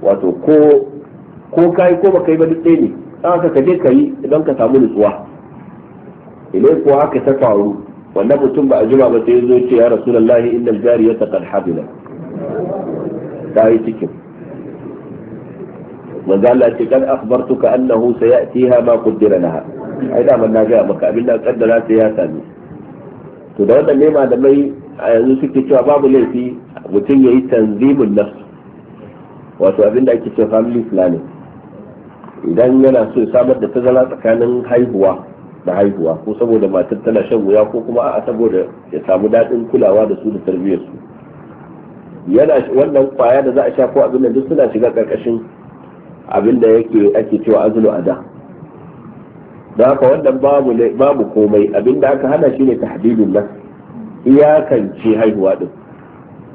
wato ko ko kai ko baka yi ba duk ne haka ka je ka yi idan ka samu nutsuwa ilai ko haka ta faru wannan mutum ba a jima ba sai zo ce ya rasulullahi innal jariyata qad habila ta yi cikin manzo Allah ce kan akhbartuka annahu sayatiha ma qaddara laha ai da man na ga maka abin da kaddara sai ya sami to da wannan da mai a yanzu suke cewa babu laifi mutum ya yi tanzimin nan wato abinda ake cewa family planning idan yana so ya samar da tazara tsakanin haihuwa da haihuwa ko saboda matar tana shan wuya ko kuma a saboda ya samu daɗin kulawa da su da tarbiyyarsu. su yana wannan kwaya da za a sha ko abin da duk suna shiga ƙarƙashin abin da yake ake cewa azulu a da da haka wannan babu komai abinda aka hana shi ne tahdidin nan ce haihuwa din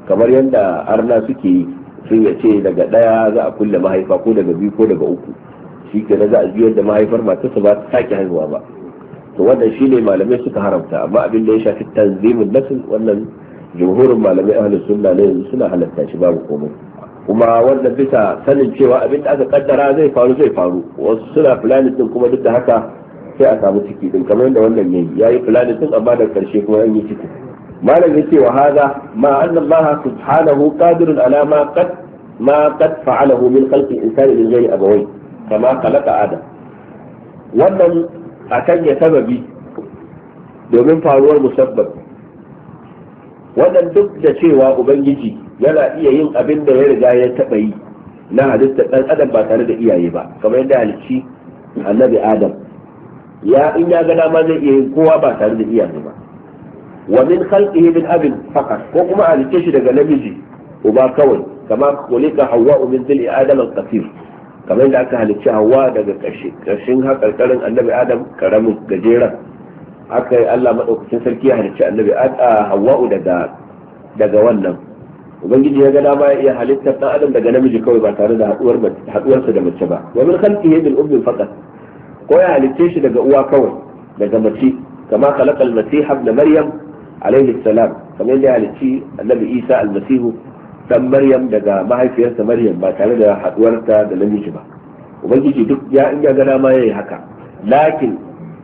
kamar yadda arna suke yi sun ya ce daga ɗaya za a kulle mahaifa ko daga biyu ko daga uku shi ke za a biyar da mahaifar su ba ta sake haihuwa ba to wannan shi ne malamai suka haramta amma abin da ya shafi tanzimin nasu wannan jumhurin malamai ahlus sunna ne suna halatta shi babu komai kuma wannan bisa sanin cewa abin da aka kaddara zai faru zai faru wasu suna fulani din kuma duk da haka sai a samu ciki din kamar yadda wannan yayi yayi fulani din amma da karshe kuma an yi ciki malam yace wa hadha ma anna Allah subhanahu qadirun ala ma qad ma qad fa'alahu min khalqi insani min ghairi abawai kama khalaqa adam wannan akan ya sababi domin faruwar musabbab wannan duk da cewa ubangiji yana iya yin abin da ya riga ya taɓa yi na halitta ɗan adam ba tare da iyaye ba kamar yadda halicci annabi adam ya in ya ga dama zai iya yin kowa ba tare da iyaye ba wa min khalqihi min abin faqat ko kuma a rike shi daga namiji uba kawai kama kulika hawa min dhil adam al-qasir kamar da aka halicci hawa daga karshen haƙarƙarin annabi adam karamin gajeren aka yi allah madaukakin sarki ya halicci annabi adam hawa daga daga wannan ubangiji ya ga dama ya iya halittar dan adam daga namiji kawai ba tare da haɗuwarsa da mace ba wa min khalqihi min ummin faqat ko ya halicce shi daga uwa kawai daga mace kama khalaqa al-masih ibn maryam alayhi salam kamar yadda halicci annabi isa al-masihu dan maryam daga mahaifiyarsa maryam ba tare da haduwarta da namiji ba ubangiji duk ya in ya gana ma yayi haka lakin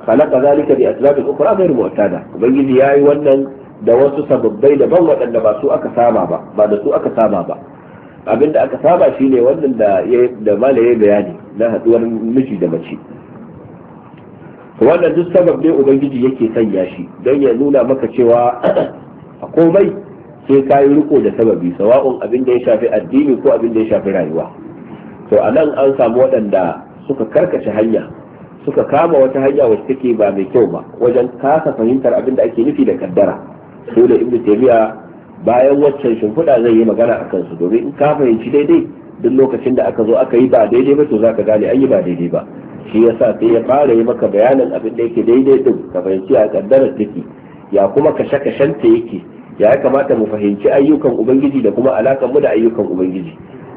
khalaqa zalika bi asbab ukhra ghayr mu'tada ubangiji yayi wannan da wasu sababbai daban waɗanda ba su aka saba ba ba da su aka saba ba abinda aka saba shine wannan da da malaye bayani na haduwar miji da mace wannan duk sabab ne ubangiji yake sanya shi don ya nuna maka cewa a komai sai ka yi riko da sababi sawa'un abin da ya shafi addini ko abin da ya shafi rayuwa to a nan an samu waɗanda suka karkace hanya suka kama wata hanya wacce take ba mai kyau ba wajen kasa fahimtar abin da ake nufi da kaddara dole ibnu taymiya bayan wancan shimfiɗa zai yi magana a kansu domin in ka fahimci daidai duk lokacin da aka zo aka yi ba daidai ba to zaka gane an yi ba daidai ba shi yasa sai ya fara yi maka bayanin abin da yake daidai din ka fahimci a kaddarar take ya kuma kashe kashen ta yake ya kamata mu fahimci ayyukan ubangiji da kuma alakan mu da ayyukan ubangiji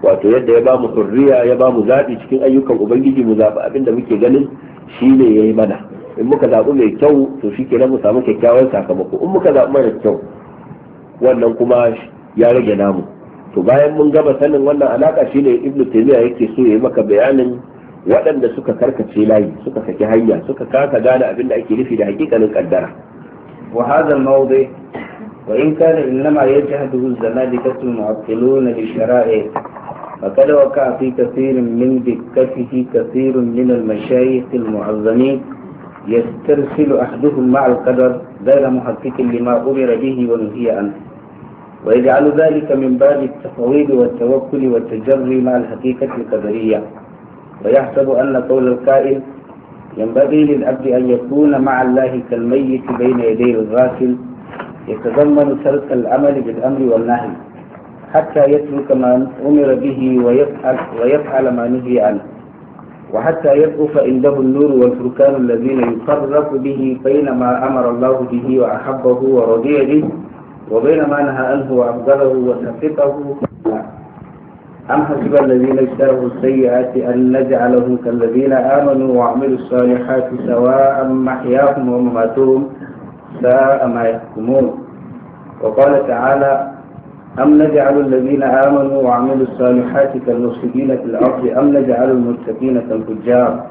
wato yadda ya bamu hurriya ya bamu zaɓi cikin ayyukan ubangiji mu zaɓi abin da muke ganin shi ne ya yi mana in muka zaɓi mai kyau to shi kenan mu samu kyakkyawan sakamako in muka zaɓi mara kyau wannan kuma ya rage namu to bayan mun gaba sanin wannan alaka shine ibnu taymiya yake so ya yi maka bayanin waɗanda suka karkace layi suka saki hanya suka kasa gane abin da ake nufi da hakikanin kaddara wa hadha al-mawdi wa in kana innama yajhadu az-zanadiqatu mu'attiluna li shara'i فقد وقع في كثير من دقته كثير من المشايخ المعظمين يسترسل أحدهم مع القدر غير محقق لما أمر به ونهي عنه ويجعل ذلك من باب التفويض والتوكل والتجري مع الحقيقة القدرية ويحسب أن قول القائل ينبغي للعبد أن يكون مع الله كالميت بين يدي الغاسل يتضمن ترك العمل بالأمر والنهي حتى يترك ما أمر به ويفعل, ويفعل ما نهي عنه وحتى يقف عنده النور والفركان الذين يفرق به بين ما أمر الله به وأحبه ورضي به وبين ما نهى عنه وأبغضه وسخطه أم حسب الذين اجتروا السيئات أن نجعلهم كالذين آمنوا وعملوا الصالحات سواء محياهم ومماتهم ساء ما يحكمون وقال تعالى أم نجعل الذين آمنوا وعملوا الصالحات كالمفسدين في الأرض أم نجعل المتقين كالفجار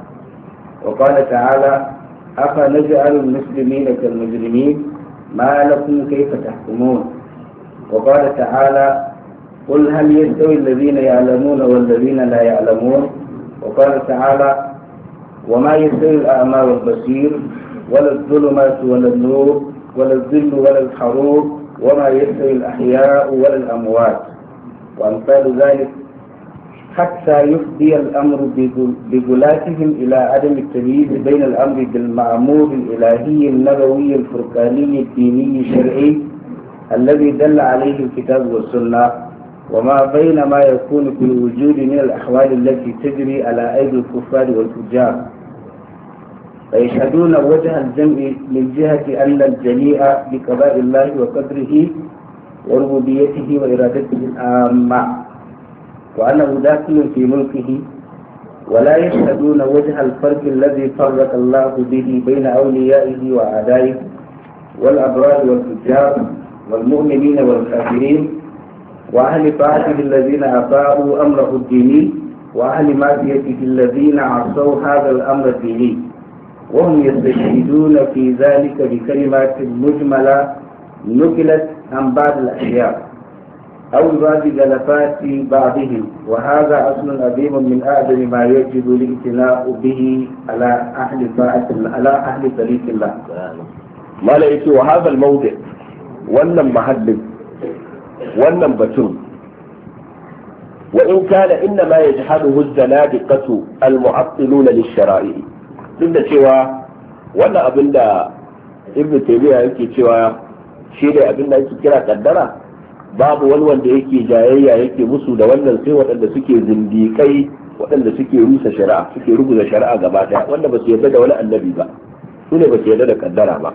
وقال تعالى أفنجعل المسلمين كالمجرمين ما لكم كيف تحكمون وقال تعالى قل هل يستوي الذين يعلمون والذين لا يعلمون وقال تعالى وما يستوي الأعمى والبصير ولا الظلمات ولا النور ولا الظل ولا الحروب وما يستوي الأحياء ولا الأموات وأمثال ذلك حتى يفضي الأمر بغلاتهم إلى عدم التمييز بين الأمر بالمعمور الإلهي النبوي الفرقاني الديني الشرعي الذي دل عليه الكتاب والسنة وما بين ما يكون في الوجود من الأحوال التي تجري على أيدي الكفار والفجار فيشهدون وجه الجمع من جهة أن الجميع بقضاء الله وقدره وربوبيته وإرادته العامة وأنه داخل في ملكه ولا يشهدون وجه الفرق الذي فرق الله به بين أوليائه وأعدائه والأبرار والفجار والمؤمنين والكافرين وأهل طاعته الذين أطاعوا أمره الديني وأهل معصيته الذين عصوا هذا الأمر الديني وهم يستشهدون في ذلك بكلمات مجملة نقلت عن بعض الأشياء أو بعض جلفات بعضهم وهذا أصل عظيم من أعظم ما يجب الاعتناء به على أهل طاعة على أهل طريق الله. ما لقيت وهذا الموضع ولا محل wannan batun وإن كان إنما يجحده الزنادقة المعطلون للشرائع duk da cewa wannan abin da ibn taymiya yake cewa shi ne abin da yake kira kaddara babu wani wanda yake jayayya yake musu da wannan sai waɗanda suke zindikai waɗanda suke rusa shari'a suke ruguza shari'a gaba daya wanda ba su yarda da wani annabi ba su ne ba su yarda da ba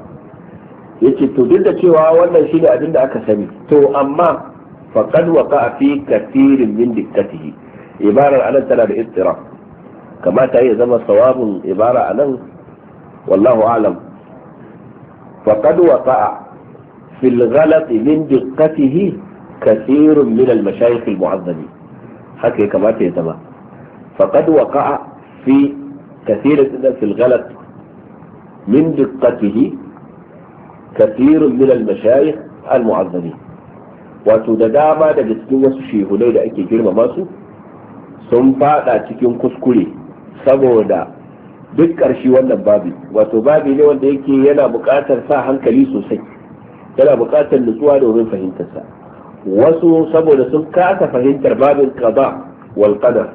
yace to duk da cewa wannan shi ne abin da aka sani to amma فقد وقع في كثير من دقته عبارة أنا تنا باضطراب كما تأي زم صواب عبارة أنا والله أعلم فقد وقع في الغلط من دقته كثير من المشايخ المعظمين حكي كما تأي فقد وقع في كثير في الغلط من دقته كثير من المشايخ المعظمين wato da dama daga cikin wasu shehulai da ake girmama su sun fada cikin kuskure saboda duk ƙarshe wannan babi wato babi ne wanda yake yana buƙatar sa hankali sosai yana buƙatar nutsuwa domin fahimtarsa wasu saboda sun kasa fahimtar babin qada wal qadar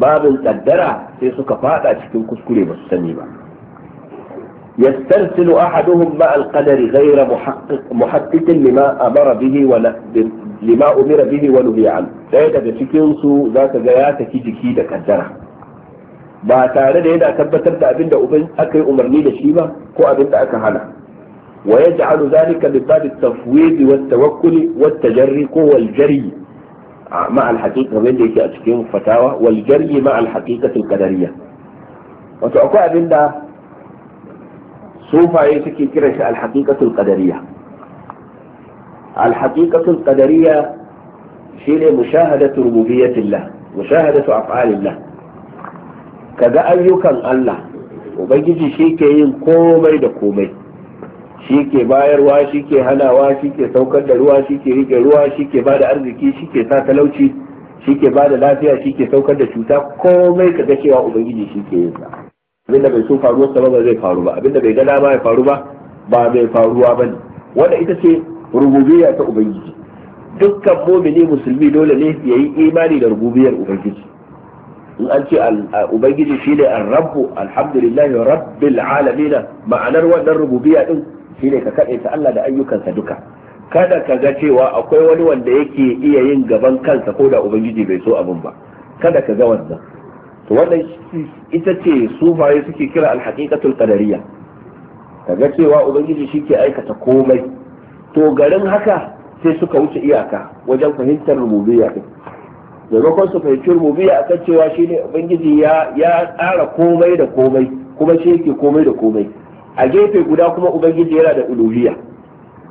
babin kaddara sai suka fada cikin kuskure ba su sani ba يسترسل أحدهم مع القدر غير محقق محقق لما أمر به ولا لما أمر به ونهي عنه ɗaya daga cikinsu za ka ga ya saki jiki da kaddara ba tare da yana tabbatar da abin da aka yi umarni da shi ba ko abin da aka hana wa ya ja'alu zalika min babi tafwidi wa tawakkuli wa tajarri ko wal jarri ma al haqiqa wanda yake a cikin fatawa wal jarri ma al haqiqatil qadariyya wato akwai abin da sufaye suke kiran shi alhaqiqatul qadariyya alhaqiqatul shi shine mushahadatu rububiyyatillah mushahadatu af'alillah kaga ayyukan Allah ubangiji shi ke yin komai da komai shi ke bayarwa shi ke hanawa shi ke saukar da ruwa shi ke rike ruwa shi ke ba da arziki shi ke sa talauci shi ke ba da lafiya shi ke saukar da cuta komai kaga cewa ubangiji shi ke yin sa da bai so faruwar sa ba zai faru ba abinda bai ga ba ya faru ba ba mai faruwa ba ne wanda ita ce rububiyya ta ubangiji dukkan mumini musulmi dole ne ya yi imani da rububiyar ubangiji in an ce ubangiji shi ne an wa alhamdulillah rabbil na. ma'anar wannan rububiyya din shi ne ka kaɗe ta Allah da ayyukansa duka kada ka ga cewa akwai wani wanda yake iya yin gaban kansa ko da ubangiji bai so abin ba kada ka ga wannan to wannan ita ce sufaye suke kira alhaqiqatul qadariyya kaga cewa ubangiji shi ke aikata komai to garin haka sai suka wuce iyaka wajen fahimtar rububiyya din maimakon su fahimci rububiyya akan cewa shine ubangiji ya ya tsara komai da komai kuma shi yake komai da komai a gefe guda kuma ubangiji yana da uluhiyya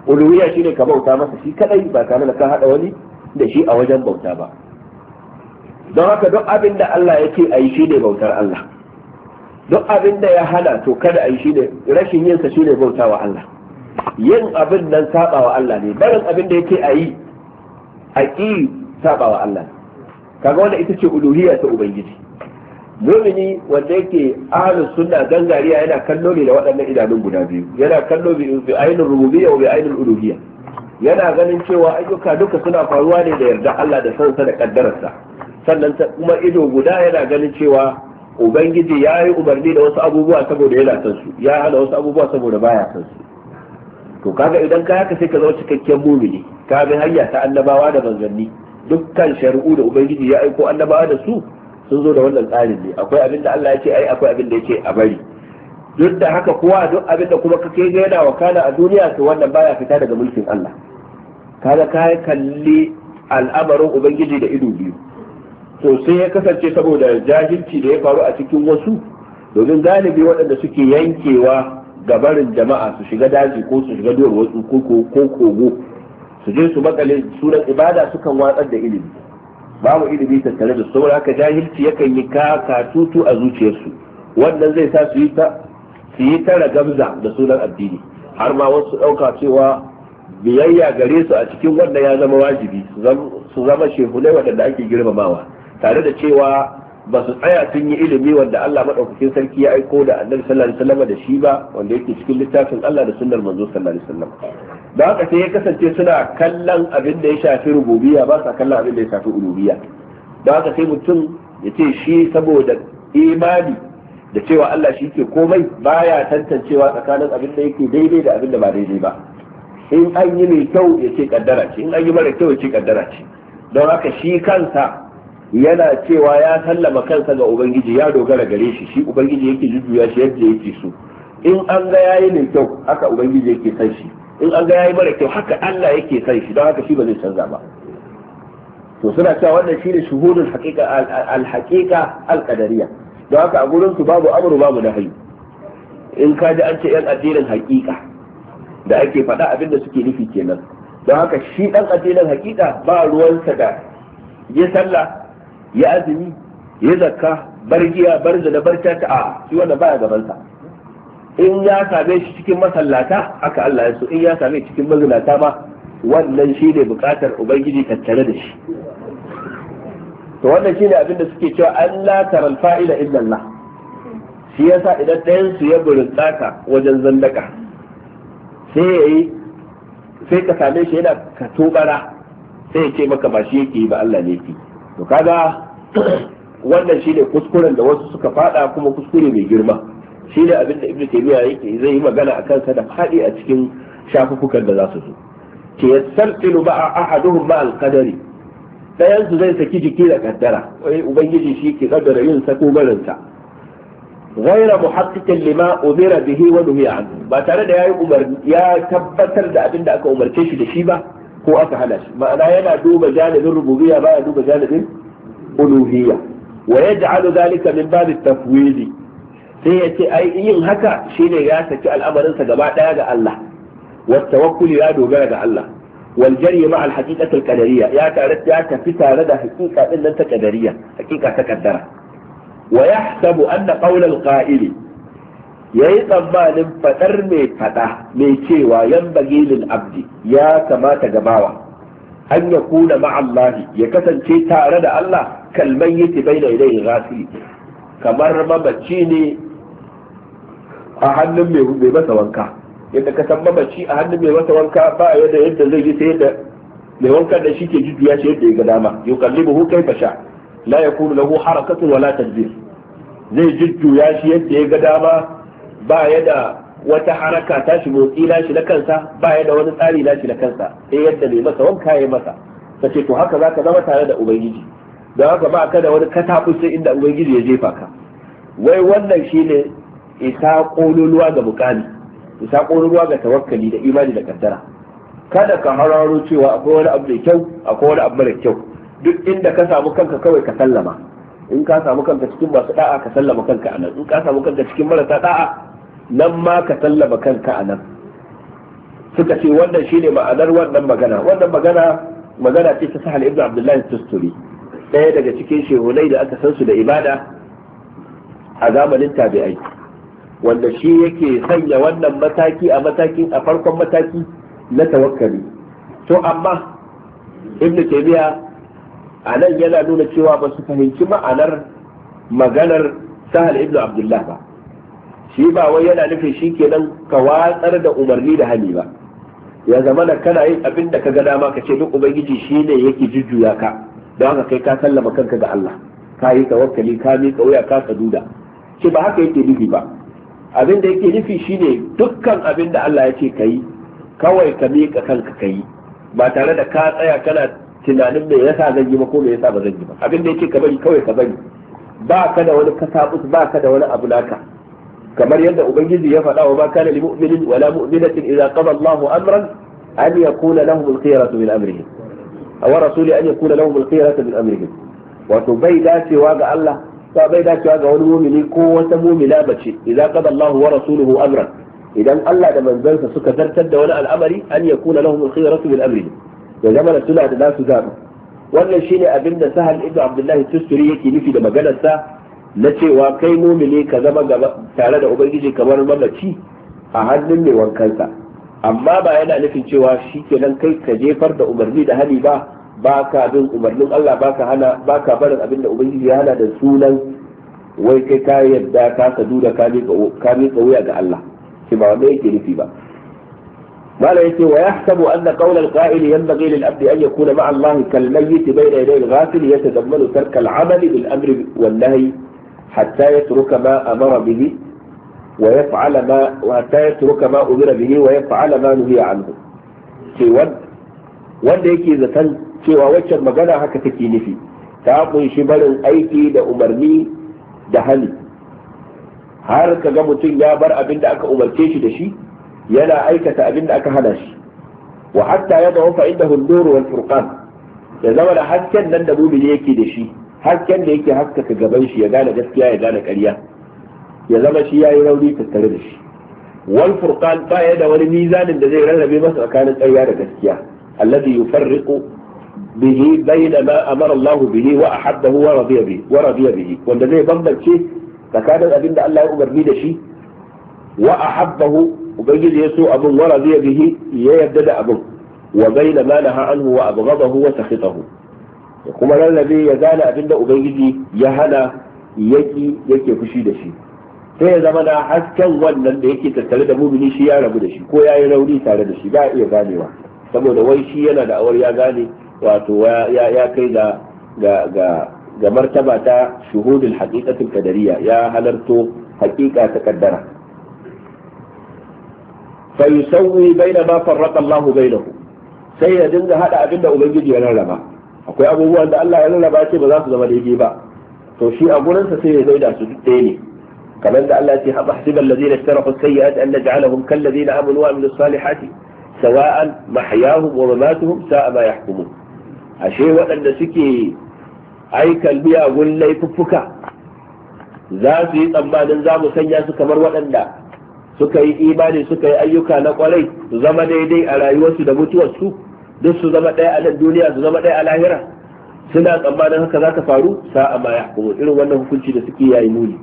uluhiyya shine ka bauta masa shi kadai ba tare da ka hada wani da shi a wajen bauta ba don haka duk abin da Allah ya a yi shi ne bautar Allah duk abin da ya hana to kada a yi shi ne rashin yinsa shi ne bauta wa Allah yin abin nan saba wa Allah ne barin abin da yake a yi a ƙi saba wa Allah kaga wanda ita ce uluhiyya ta ubangiji mumini wanda yake ahlus sunna gangariya yana kallo ne da waɗannan idanun guda biyu yana kallo bi ainul rububiyya wa bi ainul uluhiyya yana ganin cewa ayyuka duka suna faruwa ne da yarda Allah da sansa da kaddararsa sannan kuma ido guda yana ganin cewa ubangiji ya yi umarni da wasu abubuwa saboda yana son su ya hana wasu abubuwa saboda baya son su to kaga idan ka haka sai ka zama cikakken mumini ka bi hanya ta annabawa da manzanni dukkan shari'u da ubangiji ya aiko annabawa da su sun zo da wannan tsarin ne akwai abin da Allah ya ce ai akwai abin da yake a bari duk da haka kowa duk abin da kuma kake ga yana wakala a duniya to wannan baya fita daga mulkin Allah kaga ka kalli al'amarin ubangiji da ido biyu to sai ya kasance saboda jahilci da ya faru a cikin wasu domin galibi waɗanda suke yankewa ga barin jama'a su shiga daji ko su shiga duwar wasu ko kogo su je su makale sunan ibada sukan watsar da ilimi babu ilimi tattare da su haka jahilci yakan yi tutu a zuciyarsu wannan zai sa su yi ta su yi tara gamza da sunan addini har ma wasu ɗauka cewa biyayya gare su a cikin wannan ya zama wajibi su zama shehunai waɗanda ake girmamawa tare da cewa ba su tsaya sun yi ilimi wanda Allah maɗaukakin sarki ya aiko da annabi sallallahu alaihi wasallam da shi ba wanda yake cikin littafin Allah da sunnar manzo sallallahu alaihi wasallam da haka sai ya kasance suna kallon abin da ya shafi rububiyya ba sa kallon abin da ya shafi ulubiyya da haka sai mutum ya ce shi saboda imani da cewa Allah shi ke komai baya tantancewa tsakanin abin da yake daidai da abin da ba daidai ba in an yi mai kyau ya ce kaddara ce in an yi mara kyau ya ce kaddara ce don haka shi kansa yana cewa ya sallama kansa ga ubangiji ya dogara gare shi shi ubangiji yake jujjuya shi yadda yake so in an ga yayi mai kyau haka ubangiji yake san shi in an ga yayi mara kyau haka Allah yake san shi don haka shi ba zai canza ba to suna cewa wannan shine shuhudul haqiqa al haqiqa al qadariyya don haka a gurin su babu amru babu nahyi in ka ji an ce yan addinin haqiqa da ake faɗa abin da suke nufi kenan don haka shi dan addinin haqiqa ba ruwansa da ya sallah ya azumi ya zakka bargiya barza da bar ta a shi wanda baya gaban sa in ya same shi cikin masallata aka Allah ya so in ya same cikin mazinata ma wannan shi ne bukatar ubangiji tattare da shi to wannan shi ne abin da suke cewa Allah taral fa'ila illa Allah shi yasa idan ɗayan su ya burtsaka wajen zandaka sai yayi sai ka same shi yana ka tobara sai ya ce maka ba shi yake ba Allah ne yake to kaga wannan shine kuskuren da wasu suka fada kuma kuskure mai girma shine abin da ibnu taymiya yake zai yi magana akan sa da fadi a cikin shafufukan da zasu su zo ke yassartilu ba ahaduhum ma al-qadari dayan su zai saki jiki da kaddara wai ubangiji shi ke kaddara yin sa ko barin sa غير lima لما bihi wa ونهي عنه ba tare da yayi umar ya tabbatar da abin da aka umarce shi da shi ba ko aka hana shi ma'ana yana duba janibin rububiyya ba ya duba janibin uluhiyya wa yaj'alu dhalika min bab sai ya ce ai yin haka shine ya saki al'amarinsa gaba daya ga Allah wa tawakkul ya dogara ga Allah wal jari ma al haqiqatul qadariyya ya tare ya tafi tare da haqiqa din nan ta qadariyya haqiqa ta qaddara wa yahsabu anna qawl al qa'il yayi tsammanin fadar mai fada mai cewa yan bagilin abdi ya kamata gabawa an ya kuna ma'allahi ya kasance tare da Allah kalman yake bai da idan ghasili kamar mamaci ne a hannun mai masa wanka yadda ka san mamaci a hannun mai masa wanka ba yadda yadda zai yi sai yadda mai wankan da shi ke jujjuya shi yadda ya ga dama yuqallibuhu kayfa sha la yakunu lahu harakatun wala tadbir zai jujjuya shi yadda ya ga dama ba yadda wata haraka ta shi motsi na shi na kansa ba ya da wani tsari na shi na kansa sai yadda mai masa wanka ya masa ta ce to haka za ka zama tare da ubangiji don haka ba ka da wani katakusin inda ubangiji ya jefa ka wai wannan shi ne isa kololuwa ga mukami isa kololuwa ga tawakkali da imani da kaddara kada ka hararo cewa akwai wani abu mai kyau akwai wani abu mara kyau duk inda ka samu kanka kawai ka sallama in ka samu kanka cikin masu da'a ka sallama kanka a nan in ka samu kanka cikin marasa da'a nan ma ka sallama kanka a nan suka ce wannan shine ma'anar wannan magana wannan magana magana ce ta sahal ibn abdullahi tusturi ɗaya daga cikin shehunai da aka san su da ibada a zamanin tabi'ai wanda shi yake sanya wannan mataki a matakin a farkon mataki na tawakkali to amma ibn taymiya a nan yana nuna cewa ba su fahimci ma'anar maganar sahal ibn Abdullahi ba shi ba wai yana nufin shi kenan ka watsar da umarni da hali ba ya zama da kana yin abin da ka ga dama ka ce duk ubangiji shi ne yake jujjuya ka don haka kai ka sallama kanka ga Allah ka yi tawakkali ka ka wuya ka saduda shi ba haka yake nufi ba abin da yake nufi shine dukkan abin da Allah ya ce ka yi kawai ka miƙa kanka ka yi ba tare da ka tsaya kana tunanin me yasa zan yi ba ko me yasa ba zan yi ba abin da yake ka bari kawai ka bari ba ka da wani kasabus ba ka da wani abu naka kamar yadda ubangiji ya faɗa wa ma kana lil mu'minin wa la mu'minatin idza qada Allahu amran an yakuna lahum al-khiyaratu min amrihim aw rasuli an yakuna lahum al-khiyaratu min amrihim wato bai dacewa ga Allah ba bai dacewa ga wani mumini ko wata mumina bace idza qada Allahu wa rasuluhu amran idan Allah da manzansa suka zartar da wani al'amari an yakuna lahum al-khiyaratu min amrihim ya zama da suna da nasu zabi wannan shine abinda sahal ibn abdullahi tusturi yake nufi da maganar sa. na cewa kai mumini ka zama gaba tare da ubangiji kamar mamaci a hannun mai wankansa amma ba yana nufin cewa shi kenan kai ka jefar da umarni da hali ba ba ka bin umarnin Allah ba ka hana ba ka barin abin da ubangiji ya hana da sunan wai kai ka yadda ka sadu da ka miƙa wuya ga Allah shi ba wanda yake nufi ba قال يتي ويحسب أن قول القائل ينبغي للعبد أن يكون مع الله كالميت بين يدي الغافل يتضمن ترك العمل بالأمر والنهي hatta yatruka ma ma wa hatta yatruka ma umira bihi wa yaf'ala ma nuhiya anhu yake zaton cewa waccan magana haka take nufi ta kunshi barin aiki da umarni da hali har ka ga mutum ya bar abin da aka umarce shi da shi yana aikata abin da aka hana shi wa hatta ya fa inda hundur wal furqan ya zama da hasken nan da mumini yake da shi hasken da yake haskaka gaban shi ya gane gaskiya ya gane ƙarya ya zama shi yayi rauni tattare da shi wal furqan ba ya da wani mizanin da zai rarrabe masa tsakanin ƙarya da gaskiya alladhi yufarriqu bihi bayna ma amara Allah bihi wa ahabbahu wa radiya bihi wa radiya bihi wanda zai bambance tsakanin abin da Allah ya umarni da shi wa ahabbahu ubangiji ya so abin wa radiya bihi ya yarda da abin wa bayna ma naha anhu wa abghadahu wa sakhitahu kuma lallabe ya gane abinda ubangiji ya hana yake fushi da shi sai ya zama na hasken wannan da yake tattare da mumini shi ya rabu da shi ko ya yi rauni tare da shi ba iya ganewa saboda wai shi yana da awar ya gane wato ya kai ga ga martaba ta shuhudul haqiqatul kadariya ya halarto haƙiƙa ta kaddara fa yusawwi baina ma farraqa Allahu bainahu sai ya dinga hada abin da ubangiji ya rarraba akwai abubuwan da Allah ya rarraba ce ba za su zama daidai ba to shi a gurinsa sai ya maida su duk ɗaya ne kamar da Allah ya ce haba hasiban ladina istarahu sayyi'ati an naj'alahum kal ladina amanu wa amilus salihati sawa'an mahyahum wa mamatuhum sa'a ma yahkumun ashe waɗanda suke aikal miyagun laifuffuka za su yi tsammanin za mu sanya su kamar waɗanda suka yi imani suka yi ayyuka na kwarai su zama daidai a rayuwarsu da mutuwarsu duk su zama ɗaya a nan duniya su zama ɗaya a lahira suna tsammanin haka za ta faru sa'a ma Kuma irin wannan hukunci da suke yayi muni.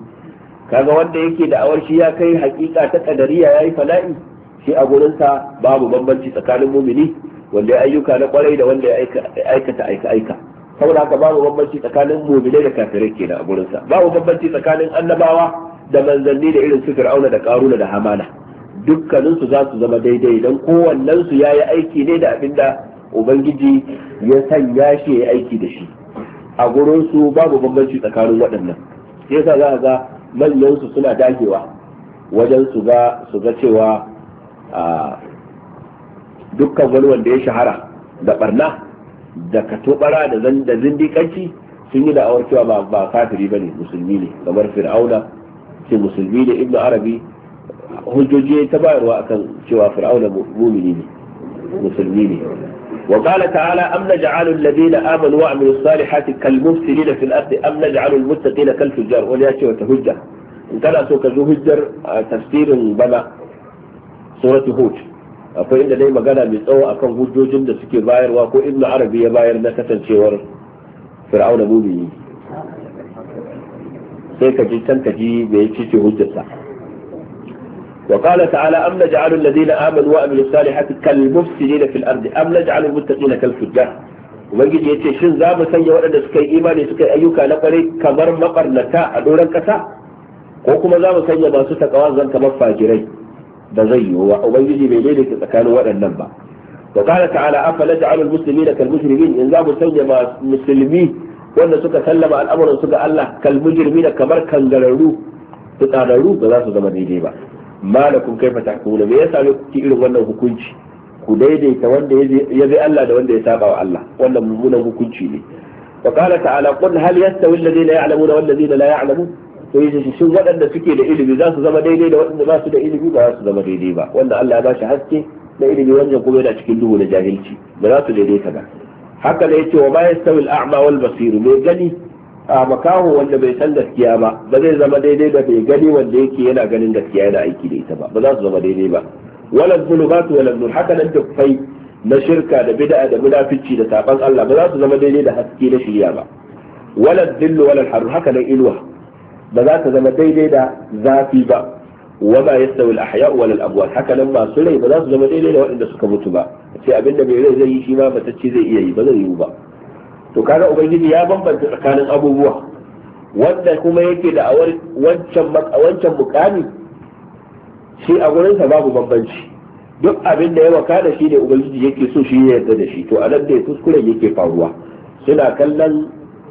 kaga wanda yake da awar shi ya kai hakika ta kadariya yayi fala'i shi a gurinsa babu bambanci tsakanin mumini wanda ya ayyuka na kwarai da wanda ya aikata aika aika saboda haka babu bambanci tsakanin muminai da kafirai kenan a gurinsa babu bambanci tsakanin annabawa da manzanni da irin su fir'auna da karuna da hamana dukkaninsu za su zama daidai don kowannensu ya yi aiki ne da abin da ubangiji ya sanya shi ya aiki da shi a gurinsu babu bambanci tsakanin waɗannan sai yasa za a ga manyansu suna dagewa wajen su ga su ga cewa dukkan wani wanda ya shahara da barna da katobara da zindikanci sun yi da'awar cewa ba kafiri ba ne musulmi ne kamar fir'auna ce musulmi ne ibnu arabi hujjoji ta bayarwa akan cewa fir'auna mumini ne musulmi ne وقال تعالى أم نجعل الذين آمنوا وعملوا الصالحات كالمفسدين في الأرض أم نجعل المتقين كالفجار وليأتي وتهجة إن كان سوك هجر تفسير بنا سورة هود akwai inda dai magana mai tsawo akan hujjojin da suke bayarwa ko ibnu arabi ya bayar na kasancewar fir'auna mumini sai ka ji can ka hujjarsa وقال تعالى أم نجعل الذين آمنوا وعملوا الصالحات كالمفسدين في الأرض أم نجعل المتقين كالفجار ubangiji ya ce shin za mu sanya waɗanda suka yi imani suka yi ayyuka na ƙwarai kamar makarnata a doron ƙasa ko kuma za mu sanya masu takawa zan kamar fajirai da zai yi wa ubangiji bai daidaita tsakanin waɗannan ba wa qala ta'ala afala ja'alul muslimina kal mujrimin in za mu sanya musulmi wanda suka sallama al'amuran su ga Allah kal mujrimina kamar kangararru fitsararru ba za su zama daidai ba malakum kaifa tahkumuna me yasa ne kuke irin wannan hukunci ku daidaita wanda ya bi Allah da wanda ya saba wa Allah wannan mummunan hukunci ne wa qala ta'ala qul hal yastawi alladhina ya'lamuna wal ladina la ya'lamun to yace shin waɗanda suke da ilimi za su zama daidai da waɗanda ba su da ilimi ba za su zama daidai ba wannan Allah ya ba shi haske na ilimi wannan kuma yana cikin duhu da jahilci ba za su daidaita ba haka da yace wa ba yastawi al a'ma wal basir me gani a makaho wanda bai san gaskiya ba ba zai zama daidai da bai gani wanda yake yana ganin gaskiya yana aiki da ita ba ba za su zama daidai ba wala zulumatu wala nur haka nan dukkai na shirka da bid'a da munafici da saban Allah ba za su zama daidai da haske na shiriya ba wala dillu wala harur haka nan ilwa ba za ta zama daidai da zafi ba wama yastawi al-ahya' wal amwat haka nan masu rai ba za su zama daidai da waɗanda suka mutu ba sai abinda mai rai zai yi shi ma matacce zai iya yi ba zai yi ba to kaga ubangiji ya bambanta tsakanin abubuwa wanda kuma yake da wancan wancan mukami shi a gurinsa babu bambanci duk abin da ya da shi ne ubangiji yake so shi ya yarda da shi to a nan da kuskuren yake faruwa suna kallon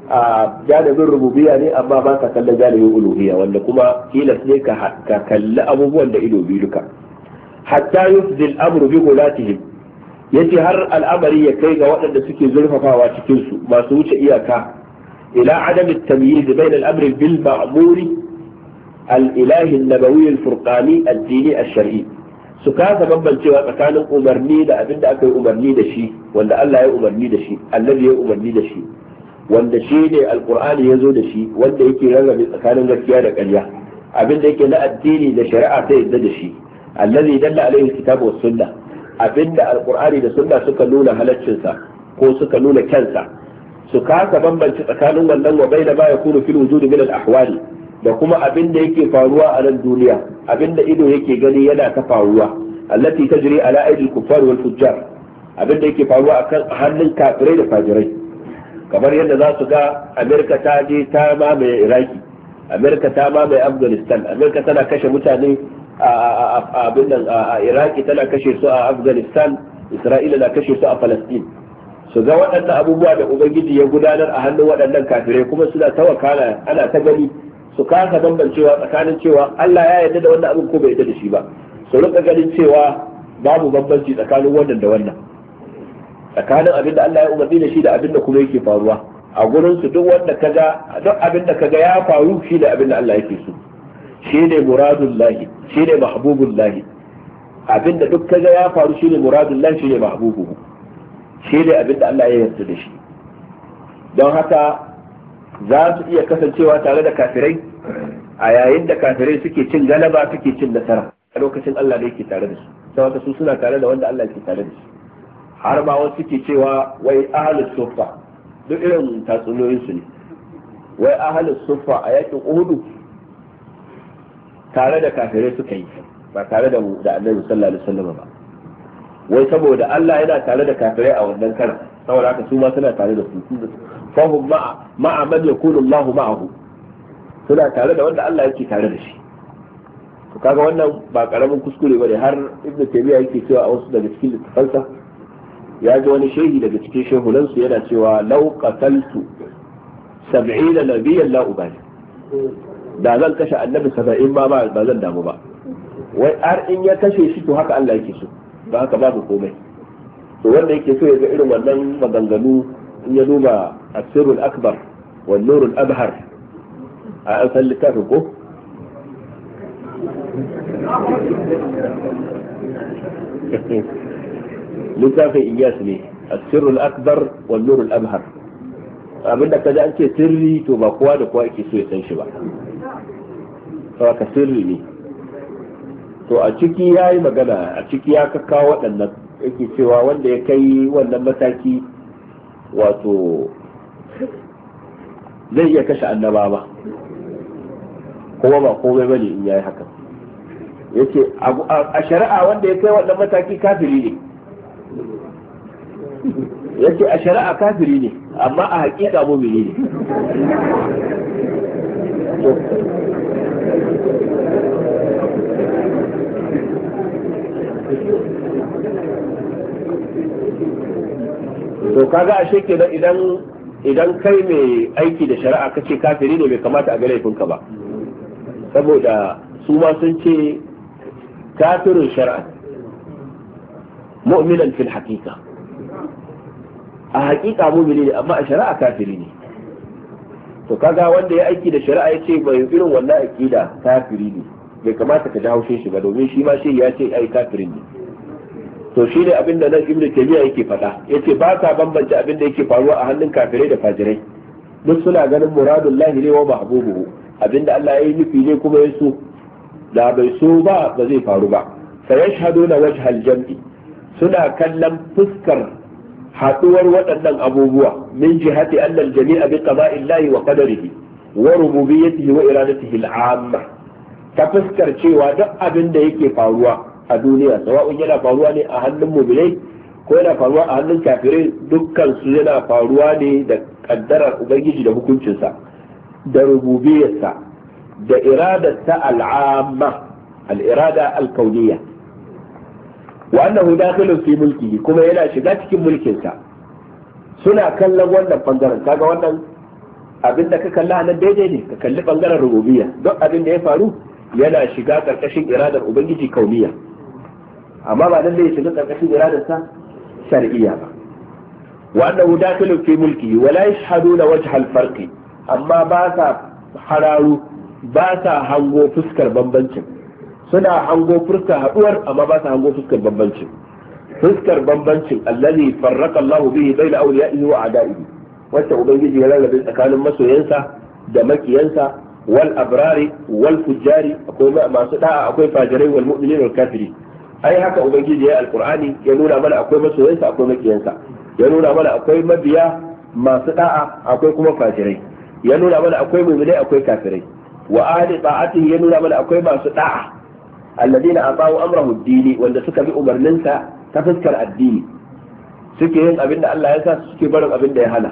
a janibin rububiya ne amma ba ka kallon janibin uluhiya wanda kuma tilas ne ka kalli abubuwan da ido biyu duka hatta yufdil amru bi gulatihim yace har al'amari ya kai ga waɗanda suke zurfafawa cikin su wuce iyaka ila adam at-tamyiz bayna al-amr bil ma'mur al-ilahi an-nabawi al-furqani ad-dini ash-shar'i su kasa bambancewa tsakanin umarni da abin da aka yi umarni da shi wanda Allah ya umarni da shi Allah ya umarni da shi wanda shi ne alqur'ani ya zo da shi wanda yake rarrabe tsakanin gaskiya da ƙarya abin da yake na addini da shari'a ta yadda da shi allazi dalla alaihi kitabu was sunnah abinda alkur'ani da sunna suka nuna halaccinsa ko suka nuna kyansa su kasa bambanci tsakanin wannan wa bai da ba ya kunu fil wujudi min al-ahwali da kuma abin da yake faruwa a nan duniya abin da ido yake gani yana ta faruwa allati tajri ala aidil kuffar wal fujjar abin da yake faruwa akan hannun kafirai da fajirai kamar yadda za su ga amerika ta je ta mamaye iraki amerika ta mamaye afghanistan amerika tana kashe mutane abin nan a iraki tana kashe su a afghanistan isra'ila na kashe su a palestine su ga waɗannan abubuwa da ubangiji ya gudanar a hannun waɗannan kafirai kuma suna ta wakala ana ta gani su kasa bambancewa tsakanin cewa Allah ya yarda da wannan abin ko bai yarda da shi ba su rika ganin cewa babu bambanci tsakanin wannan da wannan tsakanin abin da Allah ya umarni da shi da abin da kuma yake faruwa a gurin su duk wanda kaga duk abin da kaga ya faru shi da abin da Allah yake so Shi ne muradun lahi, shi ne shine lahi. abinda duk kaga ya faru shi ne muradun lahi, ne muradullahi shine Shi ne abinda Allah ya yarda da shi don haka za su iya kasancewa tare da kafirai a yayin da kafirai suke cin galaba suke cin nasara a lokacin Allah ne yake tare da su wata su suna tare da wanda Allah yake tare da su har ma wasu suke cewa wai ahlus sufa duk irin tatsuniyoyin su ne wai ahlus sufa a yakin uhudu tare da kafirai suka yi ba tare da da annabi sallallahu alaihi wasallam ba wai saboda Allah yana tare da kafirai a wannan karan saboda haka su ma suna tare da su fa hum ma'a ma'a man yakunu Allah ma'ahu suna tare da wanda Allah yake tare da shi to kaga wannan ba karamin kuskure bane har ibnu taymiya yake cewa a wasu daga cikin littafansa ya ji wani shehi daga cikin shehunansu yana cewa law qataltu sab'ina nabiyyan la ubali da zan kashe annabi saba'in ma ba zan damu ba wai har in ya kashe shi to haka Allah yake so ba haka ba babu komai to wanda yake so ya ga irin wannan maganganu in ya duba asirul akbar wal nurul abhar a an san littafin ko littafin iyas ne asirul akbar wal nurul abhar abinda kaji an ce sirri to ba kowa da kowa yake so ya san shi ba ka sirri ne to a ciki ya yi magana a ciki ya kakka waɗannan yake cewa wanda ya kai wannan mataki wato zai iya kashe annaba ba kuma ba komai bane in yi haka Yake a shari'a wanda ya kai wannan mataki kafiri ne yake a shari'a kafiri ne amma a haƙiƙa mumini ne to kaga ashe kenan idan idan kai mai aiki da shari'a kace kafiri ne bai kamata a ga laifinka ba saboda su ma sun ce kafirin shari'a mu'minan fil haqiqa a haqiqa mu'mini amma a shari'a kafiri ne to kaga wanda ya aiki da shari'a ya ce bai irin wannan aqida kafiri ne bai kamata ka ji haushin shi ba domin shi ma shi ya ce ai kafirin ne to shi ne abin da nan ibnu taymiya yake faɗa yace ba sa bambance abin da yake faruwa a hannun kafirai da fajirai duk suna ganin lahi ne wa mahbubuhu abinda Allah ya yi nufi ne kuma ya so da bai so ba ba zai faru ba na wajhal jam'i suna kallon fuskar haduwar waɗannan abubuwa min jihati annal jami'a bi qada'illahi wa qadarihi wa rububiyyatihi wa iradatihi al'amma ta fuskar cewa duk abin da yake faruwa a duniya sawa'un yana faruwa ne a hannun mubilai ko yana faruwa a hannun kafirai dukkan su yana faruwa ne da kaddarar ubangiji da hukuncinsa da rububiyarsa da iradarsa al'amma al'irada al-kauniyya wa hu dakhilun fi mulkihi kuma yana shiga cikin mulkin sa suna kallon wannan bangaren kaga wannan abin da ka kalla nan daidai ne ka kalli bangaren rububiyya duk abin da ya faru yana shiga karkashin iradar ubangiji kauniya amma ba nan da ya shiga karkashin iradar sa shar'iyya ba wa hu dakhilun fi mulkihi wa la yashhaduna wajha al-farqi amma ba sa hararu ba sa hango fuskar bambancin suna hango fuska haduwar amma ba su hango fuskar bambancin fuskar bambancin allazi farraka Allahu bihi baina awliya'ihi wa a'da'ihi wacce ubangiji ya rarrabe tsakanin masoyansa da makiyansa wal abrari wal fujjari akwai masu da'a akwai fajirai wal mu'minin wal kafiri ai haka ubangiji ya alqur'ani ya nuna mana akwai masoyansa akwai makiyansa ya nuna mana akwai mabiya masu da'a akwai kuma fajirai ya nuna mana akwai mu'minai akwai kafirai wa ahli ta'atihi ya nuna mana akwai masu da'a alladina ata'u amrahu ad-dini wanda suka bi umarninsa ta fuskar addini suke yin abin da Allah ya sa suke barin abin da ya hana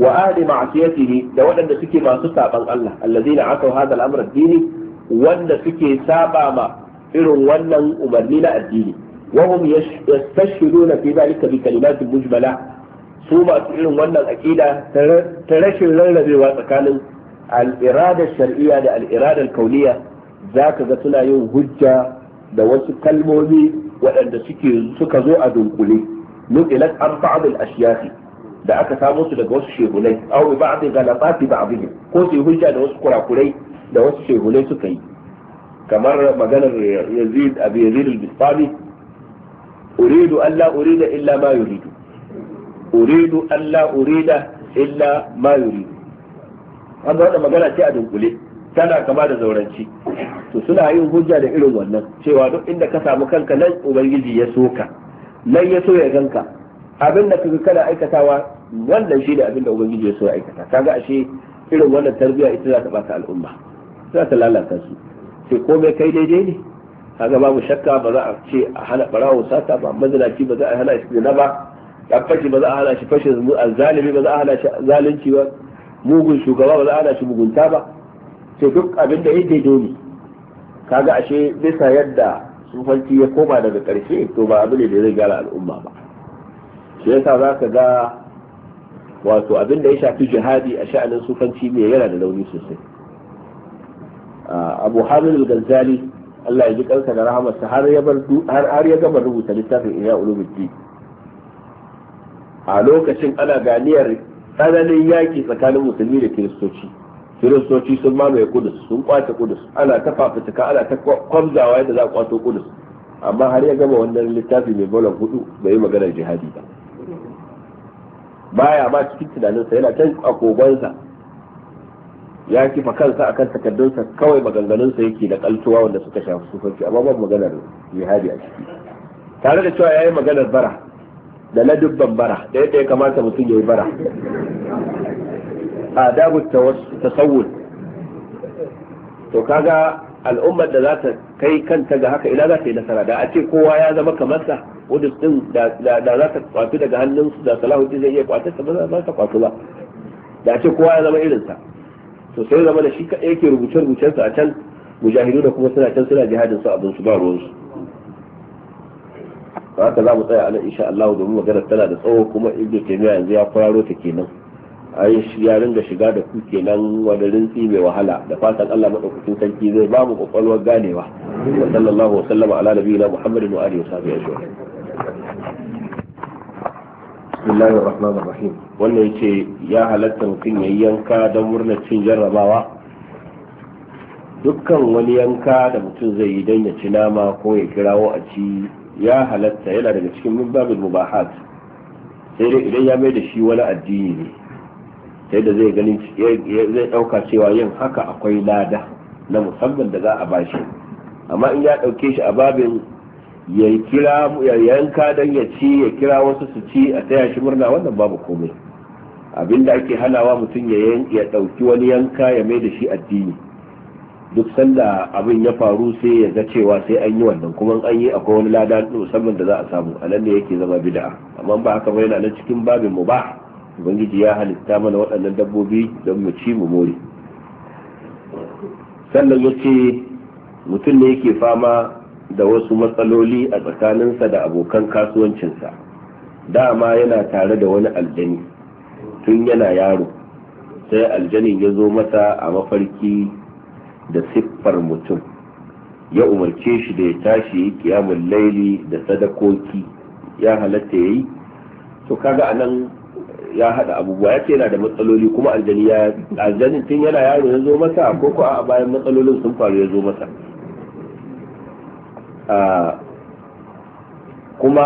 wa ahli ma'siyatihi da waɗanda suke masu saban Allah alladina ata'u hadha al-amr dini wanda suke saba ma irin wannan umarni na addini wa hum yastashhiduna fi dhalika bi kalimatin mujmala su masu irin wannan aqida ta rashin rarrabewa tsakanin al-irada shar'iyya da al-irada za ka ga suna yin hujja da wasu kalmomi waɗanda suke suka zo a dunkule nuqilat an fa'adul al da aka samo su daga wasu shehunai aw bi ba'd ghalabati ba'dihim ko su hujja da wasu kurakurai da wasu shehunai suka yi kamar maganar Yazid abi Yazid al-Bistami uridu an la urida illa ma yuridu uridu an la urida illa ma yuridu an wannan magana ce a dunkule tana kama da zauranci to suna yin hujja da irin wannan cewa duk inda ka samu kanka nan ubangiji ya so ka nan ya so ya ganka abin da kaga kana aikatawa wannan shi da abin da ubangiji ya so ya aikata kaga ashe irin wannan tarbiyya ita za ta ta al'umma za ta lalata su sai komai kai daidai ne kaga babu shakka ba za a ce a hana barawo sata ba mazinaci ba za a hana shi na ba tabbaci ba za a hana shi fashin zalimi ba za a hana shi zalunci ba mugun shugaba ba za a hana shi mugunta ba ce duk abin da ya daidai ne kaga ashe bisa yadda sufanci ya koma daga ƙarshe to ba abu ne da zai gara al'umma ba shi yasa za ka ga wato abin da ya shafi jihadi a sha'anin sufanci mai yana da launi sosai abu hamil al Allah ya ji kansa da rahamarsa har ya gama rubuta littafin iya ulubuddi a lokacin ana ganiyar tsananin yaki tsakanin musulmi da kiristoci kiristoci sun mamaye kudus sun kwace kudus ana ta fafutuka ana ta kwamzawa yadda za a kwato kudus amma har ya gama wannan littafi mai bolon hudu bai yi maganar jihadi ba baya ba cikin tunaninsa yana can kogonsa ya kifa kansa a kan takardunsa kawai maganganunsa yake da kaltuwa wanda suka shafi sufanci amma ban maganar jihadi a ciki tare da cewa ya yi maganar bara da ladubban bara da yadda ya kamata mutum ya yi bara adabu tasawwur to kaga al'ummar da za ta kai kanta ga haka ila za ta yi nasara da a ce kowa ya zama kamar sa wanda din da za ta kwafi daga hannunsu da salahu salahuddin zai iya kwace ta ba za ta kwafi ba da a ce kowa ya zama irinsa to sai zama da shi kaɗai yake rubuce rubucen sa a can mujahidu da kuma suna can suna jihadin su abin su ba ruwansu haka za mu tsaya a nan insha Allah domin maganar tana da tsawo kuma ibnu taymiya yanzu ya kwararo ta kenan ai ya da shiga da ku kenan wanda rintsi mai wahala da fatan Allah madaukakin sarki zai ba mu ƙwaƙwalwar ganewa wa sallallahu wa sallama ala nabiyina muhammadin wa alihi wa sahbihi ajma'in bismillahir rahmanir rahim wannan yace ya halatta mutum yi yanka don murnar cin jarrabawa dukkan wani yanka da mutum zai yi don ya ci nama ko ya kirawo a ci ya halatta yana daga cikin mubahat sai dai idan ya mai da shi wani addini ne sai da zai gani zai ɗauka cewa yin haka akwai lada na musamman da za a bashi amma in ya ɗauke shi a babin ya kira ya yanka don ya ci ya kira wasu su ci a taya shi murna wannan babu komai abin da ake hanawa mutum ya ɗauki wani yanka ya mai da shi addini duk sanda abin ya faru sai ya ga cewa sai an yi wannan kuma an yi akwai wani lada musamman da za a samu a nan ne yake zama bid'a amma ba haka ba yana nan cikin babin mu ba. ubangiji ya halitta mana waɗannan dabbobi don mu ci mu more sannan ya ce mutum ne yake fama da wasu matsaloli a tsakaninsa da abokan kasuwancinsa dama yana tare da wani aljani tun yana yaro sai aljanin ya zo masa a mafarki da siffar mutum ya umarce shi da ya tashi kiyamun laili da sadakoki ya halatta ya yi to kaga anan ya hada abubuwa ya ce yana da matsaloli kuma aljani ya aljanin tun yana yaro ya zo masa ko ko a bayan matsalolin sun faru ya zo masa kuma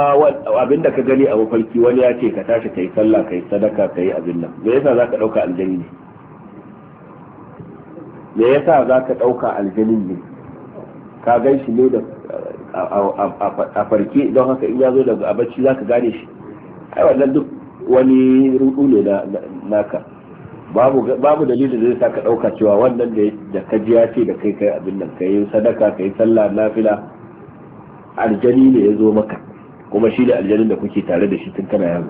abinda ka gani a mafarki wani ya ce ka tashi kai sallah kai sadaka kai abin nan me yasa zaka dauka aljani ne me yasa zaka dauka aljani ne ka gan shi ne da a farke don haka in ya zo daga abacci zaka gane shi ai wannan duk wani rudu ne na naka babu babu dalilin da zai saka dauka cewa wannan da da ka ji ya ce da kai kai abin nan kai sadaka kai sallah nafila aljani ne ya zo maka kuma shi da aljanin da kuke tare da shi tun kana yaro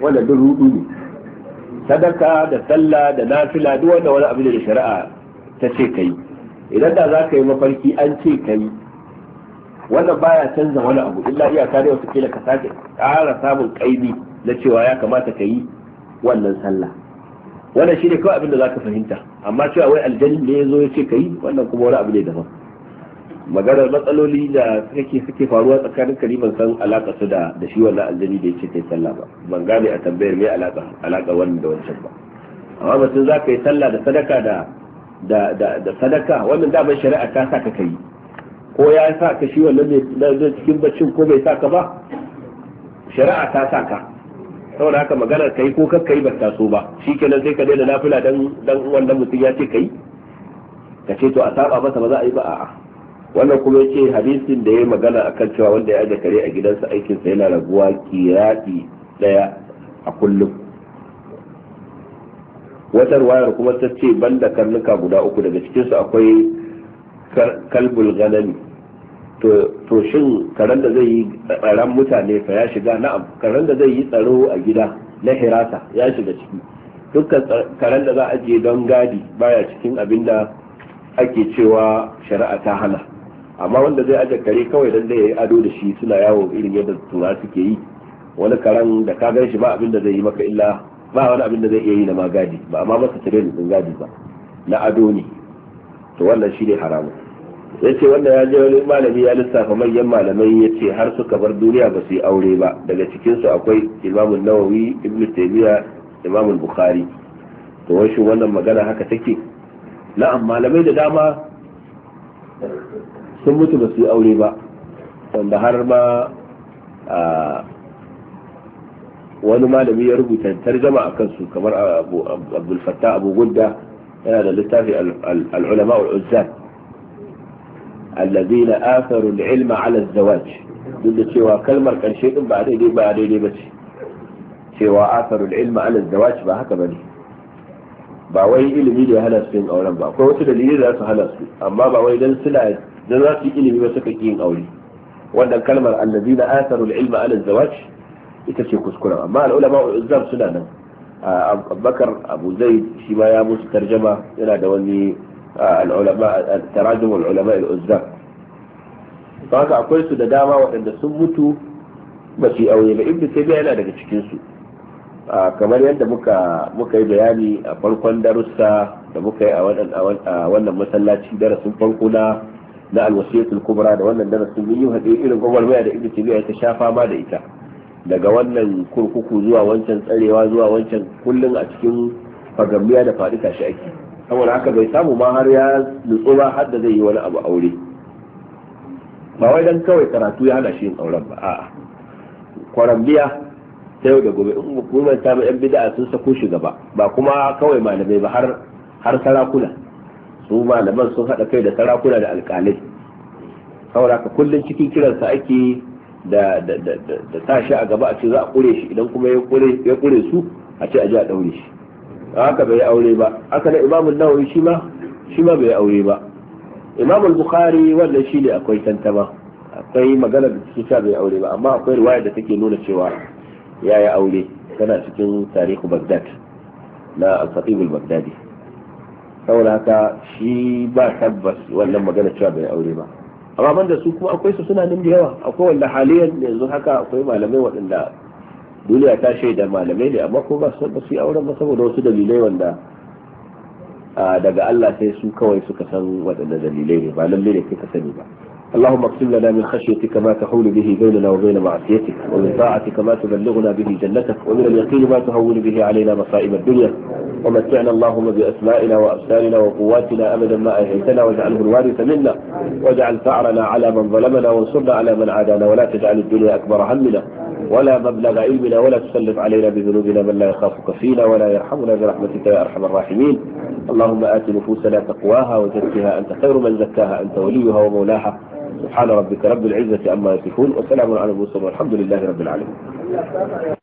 wannan duk rudu ne sadaka da sallah da nafila duk wanda wani abin da shari'a ta ce kai idan da za ka yi mafarki an ce kai wannan baya canza wani abu illa iyaka da wata kila ka sake ƙara samun kaimi na cewa ya kamata ka yi wannan sallah wannan shine kawai abin da za ka fahimta amma cewa wai aljani ne ya zo ya ce ka yi wannan kuma wani abu ne daban maganar matsaloli da suke suke faruwa tsakanin kari ban san alaka su da shi wannan aljani da ya ce kai sallah ba ban gane a tambayar me alaka alaka wannan da wancan ba amma mutum ka yi sallah da sadaka da da da, da sadaka wannan daman shari'a ta sa ka kai ko ya sa ka shi wannan ne cikin baccin ko bai sa ka ba shari'a ta sa ka saboda haka maganar kai ko kakka yi ba ta so ba shi kenan sai ka daina nafila dan dan wannan mutum ya ce kai ka ce to a saba masa ba za a yi ba a'a wannan kuma yace hadisin da yayi magana akan cewa wanda ya aje kare a gidansa aikin sa yana raguwa kiradi daya a kullum wata ruwayar kuma ta ce banda karnuka guda uku daga su akwai kalbul ganami to shin karen da zai yi tsaron mutane fa ya shiga na'am karen da zai yi tsaro a gida na hirasa ya shiga ciki dukkan karen da za a je don gadi baya cikin abin da ake cewa shari'a ta hana amma wanda zai aje kare kawai dan da yayi ado da shi suna yawo irin yadda tura suke yi wani karen da ka gan shi ba abin da zai yi maka illa ba wani abin da zai iya yi na ma ba amma masa tare da gadi ba na ado ne to wannan shi ne haramun ya ce wanda ya je wani malami ya lissafa manyan malamai ya ce har suka bar duniya ba su yi aure ba daga cikinsu akwai imamun nawawi ibn taymiya imamun bukhari to wasu wannan magana haka take na'am malamai da dama sun mutu ba su yi aure ba wanda har ma wani malami ya rubuta tarjama a kansu kamar abu fattah abu gudda yana da littafi al'ulama ulama allazina atharu al-ilma ala az-zawaj duk cewa kalmar karshe din ba daidai ba daidai bace cewa atharu al-ilma ala az-zawaj ba haka bane ba wai ilimi da ya hana yin auren ba akwai wasu dalilai da za su hana su amma ba wai dan suna dan za su yi ilimi ba suka yin aure wannan kalmar allazina atharu al-ilma ala az-zawaj ita ce kuskure amma suna nan abubakar abu shi ma ya tarjama yana da wani العلماء تراجم العلماء الأزام فهذا أقول سنة داما وأن سمتوا ba su aure ba ibnu taymiya yana daga cikin su kamar yadda muka muka yi bayani a farkon darussa da muka yi a wannan masallaci darasin farko na na alwasiyatul kubra da wannan darasin mun yi hade irin gwagwarmaya da ibnu ta shafa ma da ita daga wannan kurkuku zuwa wancan tsarewa zuwa wancan kullun a cikin fagambiya da faɗi tashi ake saboda haka bai samu ma har ya nutsu ba hadda zai yi wani abu aure ba wai dan kawai karatu ya hana shi yin auren ba a'a kwarambiya ta yau da gobe in hukumar ta yan bid'a sun sako shi gaba ba kuma kawai malamai ba har sarakuna su malaman sun hada kai da sarakuna da alkalai saboda haka kullun cikin kiransa ake da da da da sa a gaba a ce za a kure shi idan kuma ya kure ya kure su a ce a ji a daure shi haka bai aure ba haka na imamul nawawi shi ma shi ma bai aure ba imamul bukhari wannan shi ne akwai tantama akwai magana da take ta bai aure ba amma akwai riwaya da take nuna cewa ya yi aure tana cikin tarihu baghdad na al al-baghdadi saboda haka shi ba tabbas wannan magana cewa bai aure ba amma banda su kuma akwai su suna nan da yawa akwai wanda haliyan yanzu haka akwai malamai waɗanda duniya ta shaida malamai ne amma ko ba su awren ba saboda wasu dalilai wanda daga allah sai su kawai suka san waɗannan dalilai ba ba nan bai da kuka sani ba allahu maksima da amin kashi ya ti kamata hau ni bihi baynama baynama a tiyo cikin kawai ba a ti na bihi da nata kawai da lakinin masu hau bihi ƙarena ba sa'i ba ومتعنا اللهم بأسمائنا وأبصارنا وقواتنا أبدا ما أهيتنا واجعله الوارث منا واجعل ثأرنا على من ظلمنا وانصرنا على من عادانا ولا تجعل الدنيا أكبر همنا ولا مبلغ علمنا ولا تسلط علينا بذنوبنا من لا يخافك فينا ولا يرحمنا برحمتك يا أرحم الراحمين اللهم آت نفوسنا تقواها وزكها أنت خير من زكاها أنت وليها ومولاها سبحان ربك رب العزة عما يصفون وسلام على المرسلين والحمد لله رب العالمين